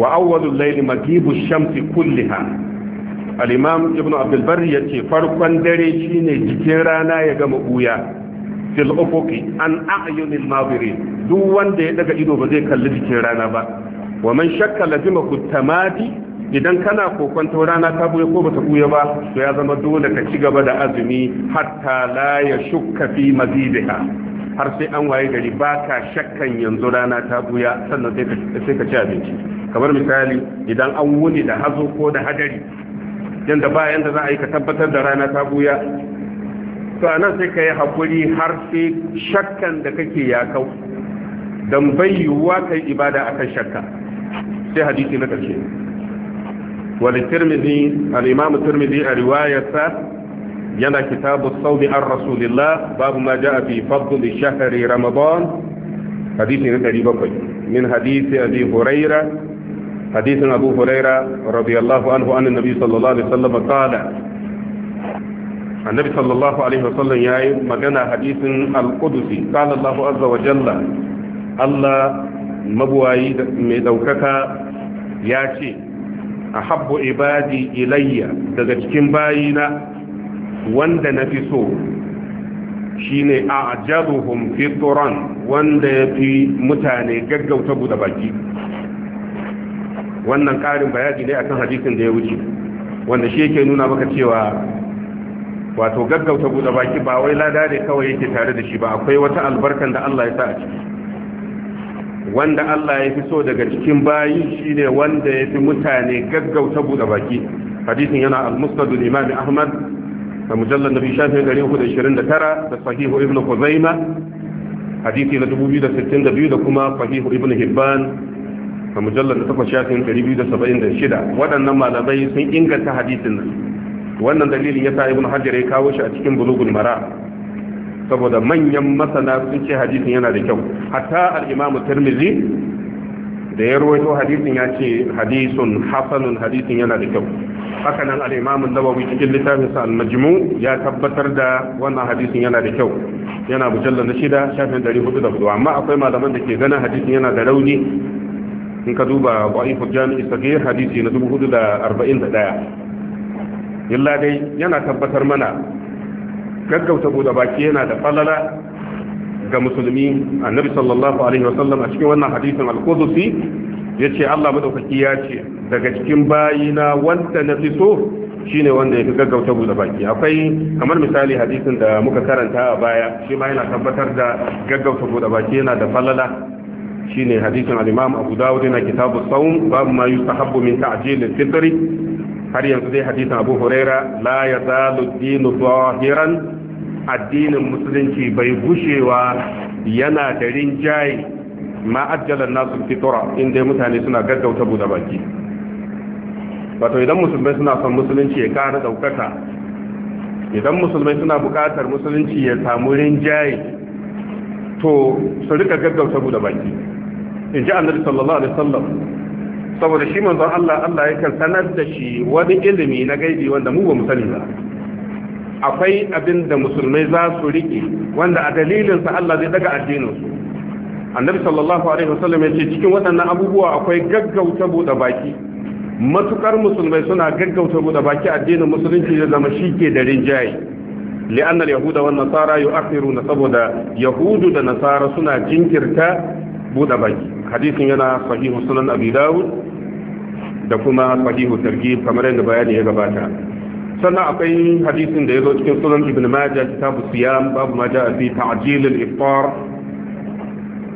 wa awwalul layli magibu shamsi kulliha al'imam ibn abdulbar ya ce farkon dare shine jikin rana ya gama buya. fil ufuqi an a'yunil nadirin duk wanda ya daga ido ba zai kalli cikin rana ba wa man shakka lazima kutamadi idan kana kokonto rana ta buya ko bata buya ba to ya zama dole ka ci gaba da azumi hatta la ya shukka fi mazidiha har sai an waye gari ba ka shakkan yanzu rana ta buya sannan sai ka ci abinci kamar misali idan an wuni da hazo ko da hadari yanda bayan da za a yi ka tabbatar da rana ta buya to a nan sai ka yi haƙuri har sai shakkan da kake ya kau don bai yiwuwa ka yi ibada akan shakka sai hadisi na ƙarshe wani tirmidhi al'imamu tirmidhi a riwayarsa yana kitabu sauni an rasulillah babu ma ja'a fi fadl shahri ramadan hadisi na 700 min hadisi abi huraira hadisin abu huraira radiyallahu anhu anna nabi sallallahu alaihi wasallam qala annabi sallallahu alaihi wasallam yayi magana hadisin al-qudusi qala Allah azza wa jalla Allah mabuwayi mai daukaka ya ce ahabbu ibadi ilayya daga cikin bayina wanda nafi so shine a'jaduhum fitran wanda yafi mutane gaggauta buɗe baki wannan ƙarin bayani ne akan hadisin da ya wuce wanda shi yake nuna maka cewa wato gaggauta buɗe baki ba wai lada ne kawai yake tare da shi ba akwai wata albarkan da Allah ya sa a ciki wanda Allah ya fi so daga cikin bayi ne wanda ya fi mutane gaggauta buɗe baki hadisin yana al-musnad al-imam Ahmad da mujallal nabi shafi 329 da sahihu ibn Khuzaimah hadisi na 2062 da kuma sahihu ibn Hibban da mujallar da takwas shafin 276 waɗannan malamai sun inganta hadisin nan wannan dalilin yasa ibn hajar ya kawo shi a cikin bulugul mara saboda manyan masana sun ce hadisin yana da kyau hatta al-imamu tirmidhi da ya rawaito hadisin ya ce hadisun hasanun hadisin yana da kyau haka nan al-imamu nawawi cikin littafin sa al-majmu ya tabbatar da wannan hadisin yana da kyau yana mujallal na shida shafin 404 amma akwai malaman da ke ganin hadisin yana da rauni in ka duba wa'ifu jami'i sagir hadisi na 441 illa dai yana tabbatar mana gaggauta buɗe baki yana da falala ga musulmi annabi sallallahu alaihi wasallam a cikin wannan hadisin al-qudusi yace Allah madaukaki ya ce daga cikin bayina wanda na fi so shine wanda ya fi gaggauta buɗe baki akwai kamar misali hadisin da muka karanta a baya shi ma yana tabbatar da gaggauta buɗe baki yana da falala shine hadisin al-Imam Abu Dawud na kitabu Sawm babu ma yustahabbu min ta'jil al-fitr har yanzu dai hadisin abu huraira la ya zalu dinu zahiran addinin musulunci bai gushewa yana da rinjaye ma ajjalan nasu fitura inda mutane suna gaggauta buɗe baki wato idan musulmai suna son musulunci ya kara daukaka idan musulmai suna buƙatar musulunci ya samu rinjaye to su rika gaggauta buɗe baki in ji annabi sallallahu alaihi wasallam saboda shi manzon Allah Allah yakan sanar da shi wani ilimi na gaibi wanda mu ba mu sani ba akwai abin da musulmai za su rike wanda a dalilin sa Allah zai daga addinin su annabi sallallahu alaihi wasallam ce cikin waɗannan abubuwa akwai gaggauta buɗe baki matukar musulmai suna gaggauta buɗe baki addinin musulunci ya zama shi ke da rinjaye لأن اليهود nasara يؤخرون saboda yahudu da nasara suna jinkirta buɗe baki hadisin yana sahihu sunan abi dawud da kuma sahihu targhib kamar yadda bayani ya gabata sannan akwai hadisin da ya zo cikin sunan ibn maja kitabu siyam babu ma ja'a fi ala al-iftar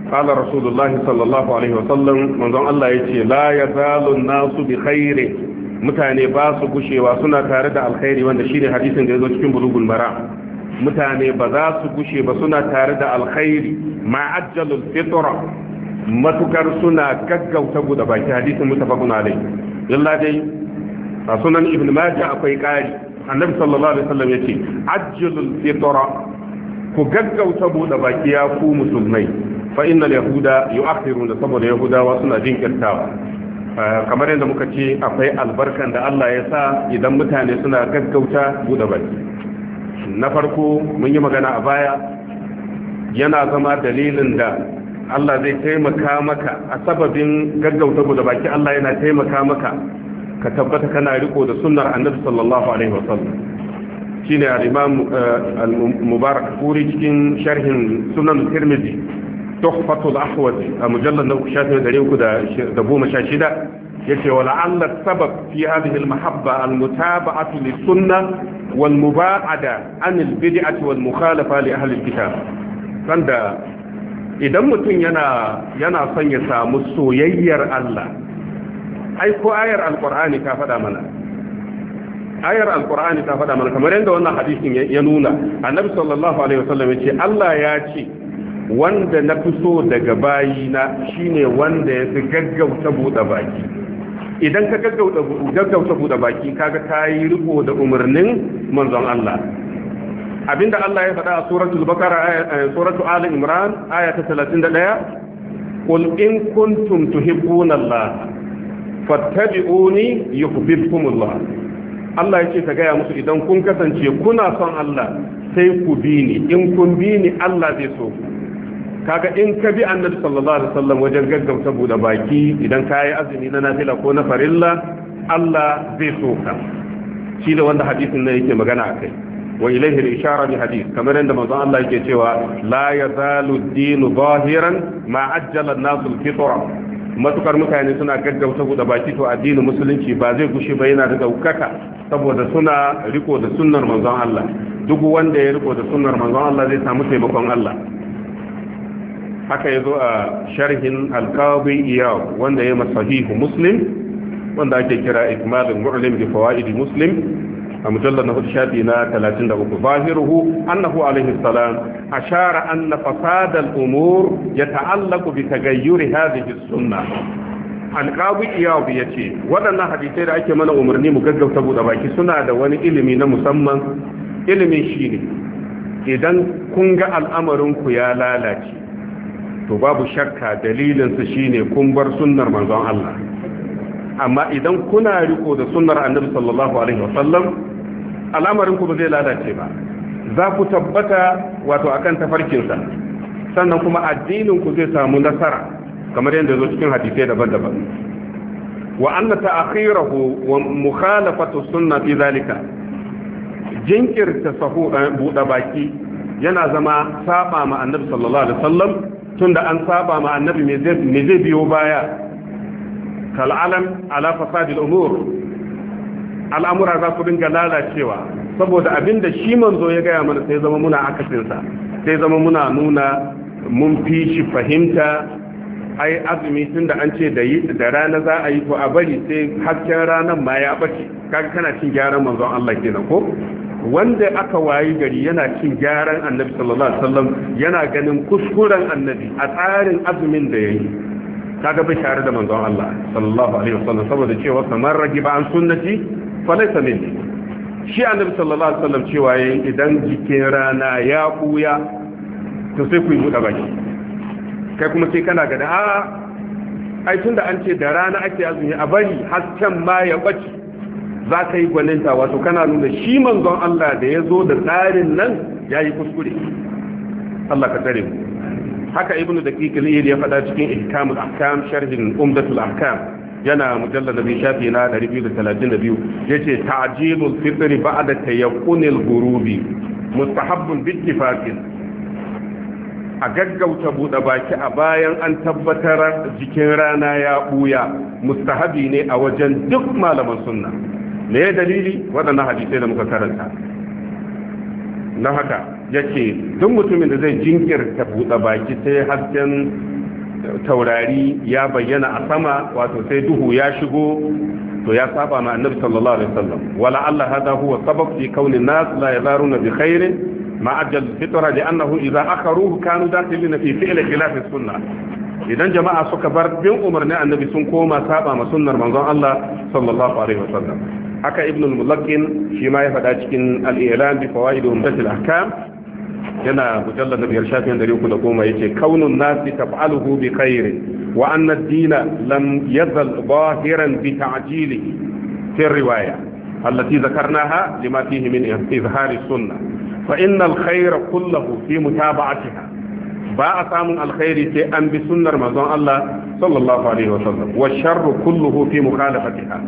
قال رسول الله صلى الله عليه وسلم منذ الله يتي لا يزال الناس بخير mutane ba su gushewa suna tare da alkhairi wanda shine hadisin da ya zo cikin bulugul mara mutane ba za su bushe ba suna tare da alkhairi ma'ajjalul fitra matukar suna gaggauta buɗe baki hadisin mutafakun alai illa dai a sunan ibn majah akwai ƙari annabi sallallahu alaihi wasallam yace ajjalul fitra ku gaggauta buɗe baki ya ku musulmai fa innal yahuda yu'akhiruna saboda yahudawa suna jinkirtawa eh, kamar yadda muka ce akwai albarkan da Allah ya sa idan mutane suna gaggauta buɗe baki na farko mun yi magana a baya yana zama dalilin da Allah zai taimaka maka a sababin gaggauta da baki Allah yana taimaka maka ka tabbata kana riko da sunnar annabi sallallahu alaihi wasallam shine al-imam eh, al-mubarak furi cikin sharhin sunan tirmidhi tuhfatul ahwaz a mujallad na shafi da rinku da goma sha shida yace wala Allah sabab fi hadhihi al-mahabba al-mutaba'atu lis-sunnah wal-muba'ada an al-bid'ah wal-mukhalafa li ahli al-kitab sanda idan mutum yana yana son ya samu soyayyar Allah ai ko ayar alqur'ani ta faɗa mana ayar alqur'ani ta fada mana kamar yadda wannan hadisin ya nuna annabi sallallahu alaihi wasallam ya ce Allah ya ce wanda na fi so daga bayina shine wanda ya fi gaggauta buɗe baki idan ka gaggauta buɗe baki kaga kayi riko da umarnin manzon Allah abinda Allah ya faɗa a suratul bakara eh, suratul ali imran aya ta 31 qul in kuntum tuhibbuna Allah fattabi'uni yuhibbukum Allah ya ce ka gaya musu idan kun kasance kuna son Allah sai ku bi ni in kun bi ni Allah zai so kaga in ka bi annabi sallallahu alaihi wasallam wajen gaggauta bude baki idan ka yi azumi na nafila ko na farilla Allah zai so ka shi da wanda hadisin nan yake magana akai wa ilaihi al-ishara bi hadith kamar yadda manzon Allah yake cewa la yazalu ad-din zahiran ma ajjala an-nas al matukar mutane suna gaggauta buɗe baki to addinin musulunci ba zai gushe ba yana da daukaka saboda suna riko da sunnar manzon Allah duk wanda ya riko da sunnar manzon Allah zai samu taimakon Allah haka yazo a sharhin alkawabi iyaw wanda ya masahihu muslim wanda ake kira ikmalin mu'lim bi fawaidi muslim a mujallar na hudu shafi na talatin da uku zahiruhu annahu alaihi salam ashara anna ya al-umur yata'allaqu bi tagayyuri hadhihi sunna alqabi iyab yace waɗannan hadisai da ake mana umarni mu gaggauta buɗe baki suna da wani ilimi na musamman ilimin shine idan kun ga al'amarin ku ya lalace to babu shakka dalilin su shine kun bar sunnar manzon Allah amma idan kuna riko da sunnar annabi sallallahu alaihi wasallam Alamarinku ku ba zai lalace ba za ku tabbata wato akan tafarkinsa sannan kuma addinin ku zai samu nasara kamar yadda zo cikin hadisai daban-daban wa anna ta'khirahu wa mukhalafatu sunna fi zalika jinkirta sahu eh, buɗe baki yana zama saba ma annabi sallallahu alaihi wasallam tunda an saba ma annabi me zai biyo baya kal alam ala fasadil umur al'amura za ku dinga lalacewa saboda abin da shi manzo ya gaya mana sai zama muna akasinsa sai zama muna nuna mun fi shi fahimta ai azumi tun da an ce da rana za a yi ko a bari sai hasken ranar ma ya bace kaga kana cin gyaran manzon Allah kenan ko wanda aka wayi gari yana cin gyaran annabi sallallahu alaihi wasallam yana ganin kuskuren annabi a tsarin azumin da yayi kaga bai tare da manzon Allah sallallahu alaihi wasallam saboda cewa kamar ragiba an sunnati falaita minni shi annabi sallallahu alaihi wasallam cewa idan jikin rana ya kuya to sai ku yi buɗe baki kai kuma sai kana ga da ai tunda an ce da rana ake azumi a bari hasken ma ya bace za ka yi gwaninta wato kana nuna shi manzon Allah da ya zo da tsarin nan ya yi kuskure Allah ka tare mu haka ibnu daqiq ya faɗa cikin ihkamul ahkam sharhin umdatul ahkam yana mujallar nabi shafi na 232 yace ta'jilul fitri ba'da tayaqqunil ghurubi mustahabbun bittifaqin a gaggauta buɗe baki a bayan an tabbatar jikin rana ya buya mustahabi ne a wajen duk malaman sunna me ya dalili waɗannan hadisai da muka karanta na haka yace duk mutumin da zai jinkirta buɗe baki sai hasken taurari ya bayyana a sama wato sai duhu ya shigo to ya saba ma annabi sallallahu alaihi wasallam wala Allah hada huwa sabab fi kauni nas la yazaruna bi khairin ma ajal fitra li annahu aka akharuhu kanu dakhilina fi fi'li khilaf as-sunnah idan jama'a suka bar bin umarni annabi sun koma saba ma sunnar manzon Allah sallallahu alaihi wasallam haka ibn al shi ma ya faɗa cikin al-i'lam bi fawaid umdat ahkam yana mujallar da biyar shafin dari uku da goma ya yace kaunun nasi taf'aluhu bi khairin wa anna dina lam yazal zahiran bi ta'jilihi fi riwaya allati zakarnaha lima fihi min izhari sunnah fa inna al-khayra kullahu fi mutaba'atiha ba a samun alkhairi sai an bi sunnar manzon Allah sallallahu alaihi wa sallam wa sharru kulluhu fi mukhalafatiha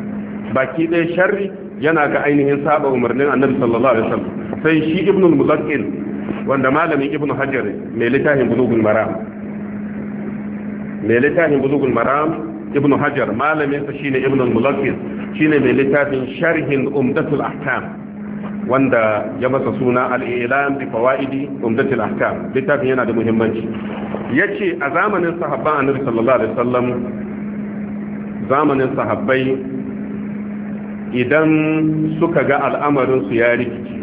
baki ɗaya sharri yana ga ainihin saba umarnin annabi sallallahu alaihi wa sallam sai shi ibnul muzakkil wanda malamin ibnu hajar mai littafin bulugul maram mai littafin bulugul maram ibnu hajar malamin sa shine ibnu mulakis shine mai littafin sharhin umdatul ahkam wanda ya masa suna al-ilam bi fawaidi umdatul ahkam littafin yana da muhimmanci yace a zamanin sahabban annabi sallallahu alaihi wasallam zamanin sahabbai idan suka ga al'amarinsu ya rikici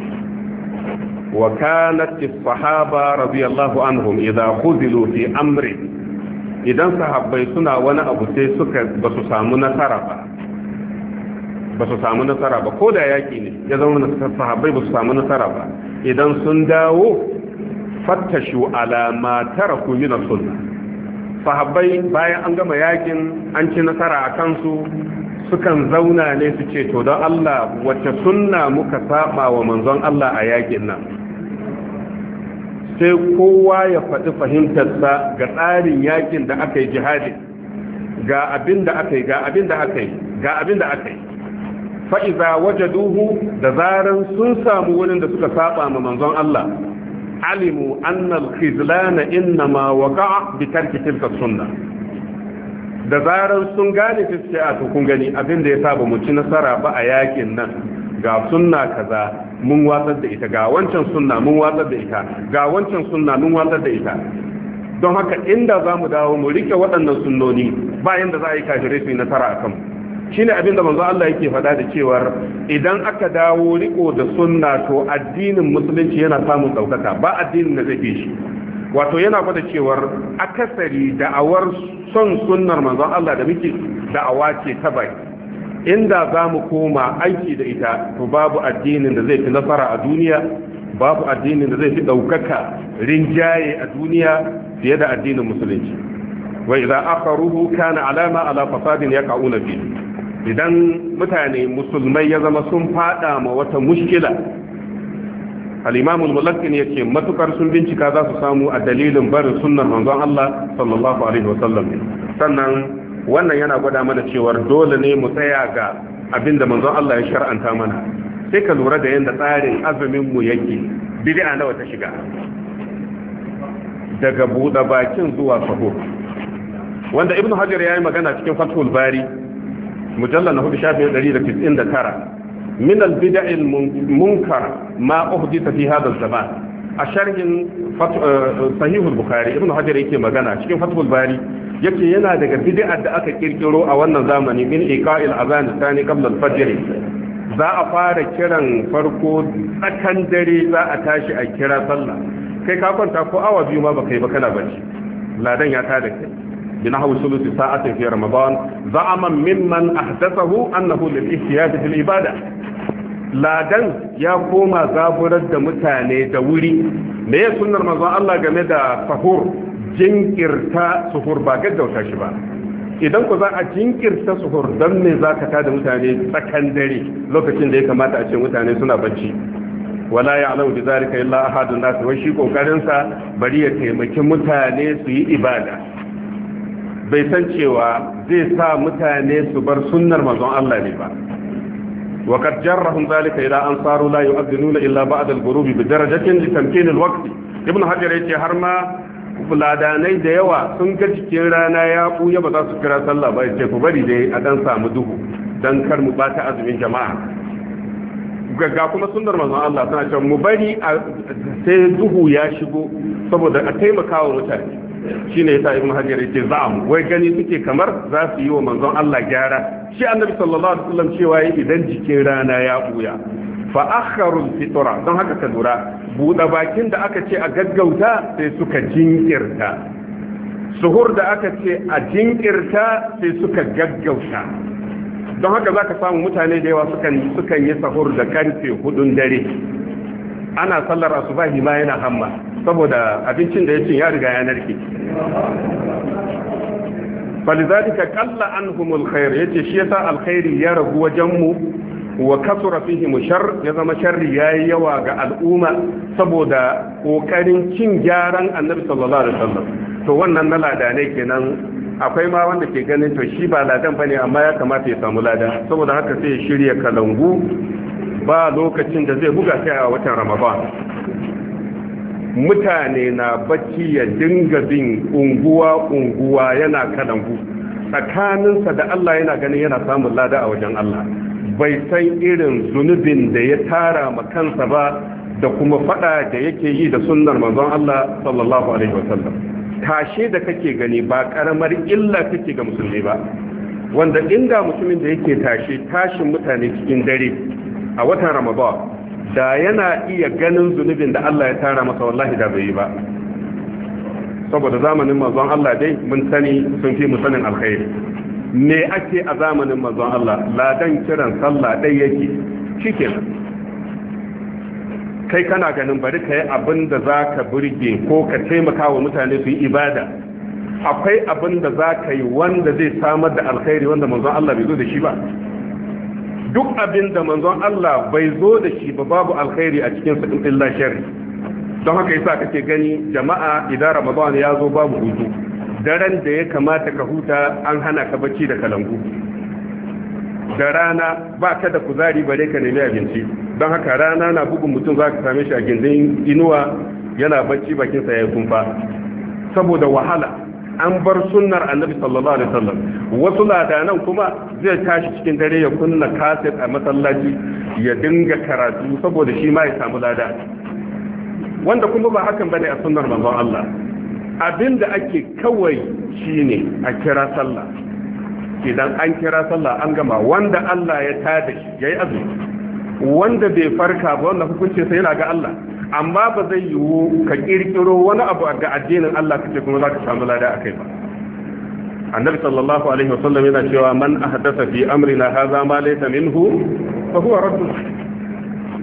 wa kanat as-sahaba radiyallahu anhum idza qudilu fi idan sahabbai suna wani abu sai suka ba su samu nasara ba ba su samu nasara ba ko da yaki ne ya zama sahabbai ba su samu nasara ba idan sun dawo fattashu ala ma tara min as-sunnah sahabbai bayan an gama yaƙin an ci nasara a kansu sukan zauna ne su ce to don Allah wacce sunna muka saba wa manzon Allah a yaƙin nan sai kowa ya faɗi fahimtarsa ga tsarin yakin da aka yi jihadi ga abin da aka yi ga abin da aka yi ga abin da aka yi fa'iza waje duhu da zaran sun samu wurin da suka saba ma manzon Allah alimu annal khizlana inna ma bi sunna da zaran sun gane fiske a kun gani abin da ya saba mu ci nasara ba a yakin nan ga sunna kaza mun watsar da ita ga wancan sunna mun watsar da ita ga wancan sunna mun watsar da ita don haka inda za mu dawo mu rike waɗannan sunnoni bayan da za a yi kafirai su yi nasara a kanmu shine abin da manzo Allah yake faɗa da cewar idan aka dawo riko da sunna to addinin musulunci yana samun ɗaukaka ba addinin da zai shi wato yana gwada cewar akasari awar son sunnar manzo Allah da muke da'awa ce ta baki inda za mu koma aiki da ita to babu addinin da zai fi nasara a duniya babu addinin da zai fi ɗaukaka rinjaye a duniya fiye da addinin musulunci Wai idan aka ruhu kana alama ala fasadin ya ka'una fi idan mutane musulmai ya zama sun fada ma wata mushkila al-imamul mulakkin yake matukar sun bincika za su samu a dalilin barin sunnar manzon Allah sallallahu alaihi wasallam sannan wannan yana gwada mana cewar dole ne mu tsaya ga abinda da manzon Allah ya shar'anta mana sai ka lura da yanda tsarin azumin mu yake bid'a nawa ta shiga daga buɗe bakin zuwa sahur wanda ibnu hajar yayi magana cikin fathul bari mujallal na hudu shafin 199 min al-bid'a al-munkar ma uhdita fi hadha zaman a sharhin eh, sahihul bukhari ibn hajar yake magana cikin fathul bari yake yana daga bid'ar da aka kirkiro a wannan zamani min iqa'il azan thani qabla al-fajr za a fara kiran farko tsakan dare za a tashi a kira sallah kai ka kwanta ko awa biyu ma baka yi ba kana bacci ladan ya tada kai bin hawu sulusi sa'atin fi ramadan za'aman mimman ahdathahu annahu lil ihtiyaj fil ibada ladan ya koma zaburar da mutane da wuri me ya sunnar Allah game da sahur jinkirta suhur ba gaggauta shi ba idan ku za a jinkirta suhur don me za ka tada mutane tsakan dare lokacin da ya kamata a ce mutane suna bacci wala ya alamu bi zalika illa ahadun nas wa shi kokarin sa bari ya taimaki mutane su yi ibada bai san cewa zai sa mutane su bar sunnar manzon Allah ne ba وقد جرهم ذلك إلى أن صاروا لا يؤذنون إلا بعد الغروب بدرجة لتمكين الوقت ابن حجر يتي هرما fuladanai da yawa sun ga cikin rana ya buya ba za su kira sallah ba ce ku bari dai a dan samu duhu dan kar mu azumin jama'a ga kuma sunnar manzon Allah suna cewa mu bari sai duhu ya shigo saboda a taimakawa mutane Shi shine ta ibn hajar yake za'am wai gani suke kamar za su yi wa manzon Allah gyara shi annabi sallallahu alaihi wasallam cewa idan jikin rana ya buya fa akharu fitra don haka ka lura buɗe bakin da aka ce a gaggauta sai suka jinkirta suhur da aka ce a jinkirta sai suka gaggauta don haka za ka samu mutane da yawa sukan yi sahur da karfe hudun dare ana sallar asubahi ma yana hamma saboda abincin da ya ya riga ya narke falizalika qalla anhumul khair yace shi yasa alkhairi ya ragu wajen mu wa kasura fihi mushar ya zama sharri yayi yawa ga al'umma saboda kokarin cin gyaran annabi sallallahu alaihi wasallam to wannan na lada ne kenan akwai ma wanda ke ganin to shi ba ladan bane amma ya kamata ya samu lada saboda haka sai ya shirya kalangu ba lokacin da zai buga sai a watan ramadan mutane na bacci ya dinga bin unguwa-unguwa yana kalangu tsakaninsa da Allah yana ganin yana samun lada a wajen Allah bai san irin zunubin da ya tara ma kansa ba da kuma fada da yake yi da sunnar manzon Allah sallallahu alaihi wasallam tashe da kake gani ba karamar illa kake ga musulmi ba wanda inda mutumin da yake tashe tashin mutane cikin dare a watan Ramadan da yana iya ganin zunubin da Allah ya tara masa wallahi da bai yi ba saboda zamanin manzon Allah dai mun sani sun fi mu sanin alkhairi me ake a zamanin manzon Allah ladan kiran sallah dai yake cikin. kai kana ganin bari kai abin da zaka burge ko ka taimaka wa mutane su yi ibada akwai abin da zaka yi wanda zai samar da alkhairi wanda manzon Allah bai zo da shi ba duk abin da manzon Allah bai zo da shi ba babu alkhairi a cikin sa illa sharri don haka yasa kake gani jama'a idan Ramadan ya zo babu hutu daren da ya kamata ka huta an hana ka bacci da kalangu da rana ba ka da kuzari bare ka nemi abinci don haka rana na bugun mutum za ka same shi a gindin inuwa yana bacci bakinsa ya kumfa saboda wahala an bar sunnar annabi sallallahu alaihi wasallam wasu ladanan kuma zai tashi cikin dare ya kunna kaset a masallaci ya dinga karatu saboda shi ma ya samu lada wanda kuma ba hakan bane a sunnar manzo Allah abinda ake kawai shine a kira sallah idan an kira sallah an gama wanda Allah ya tada shi yayi azumi wanda bai farka ba wanda hukuncin sai yana ga Allah amma ba zai yiwu ka kirkiro wani abu ga addinin Allah kace kuma za ka samu lada akai ba annabi sallallahu alaihi wasallam yana cewa man ahdatha fi amrina hadha ma laysa minhu fa huwa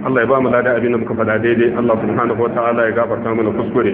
Allah ya ba mu lada abin da muka faɗa daidai Allah subhanahu wa ta'ala ya gafarta mana kuskure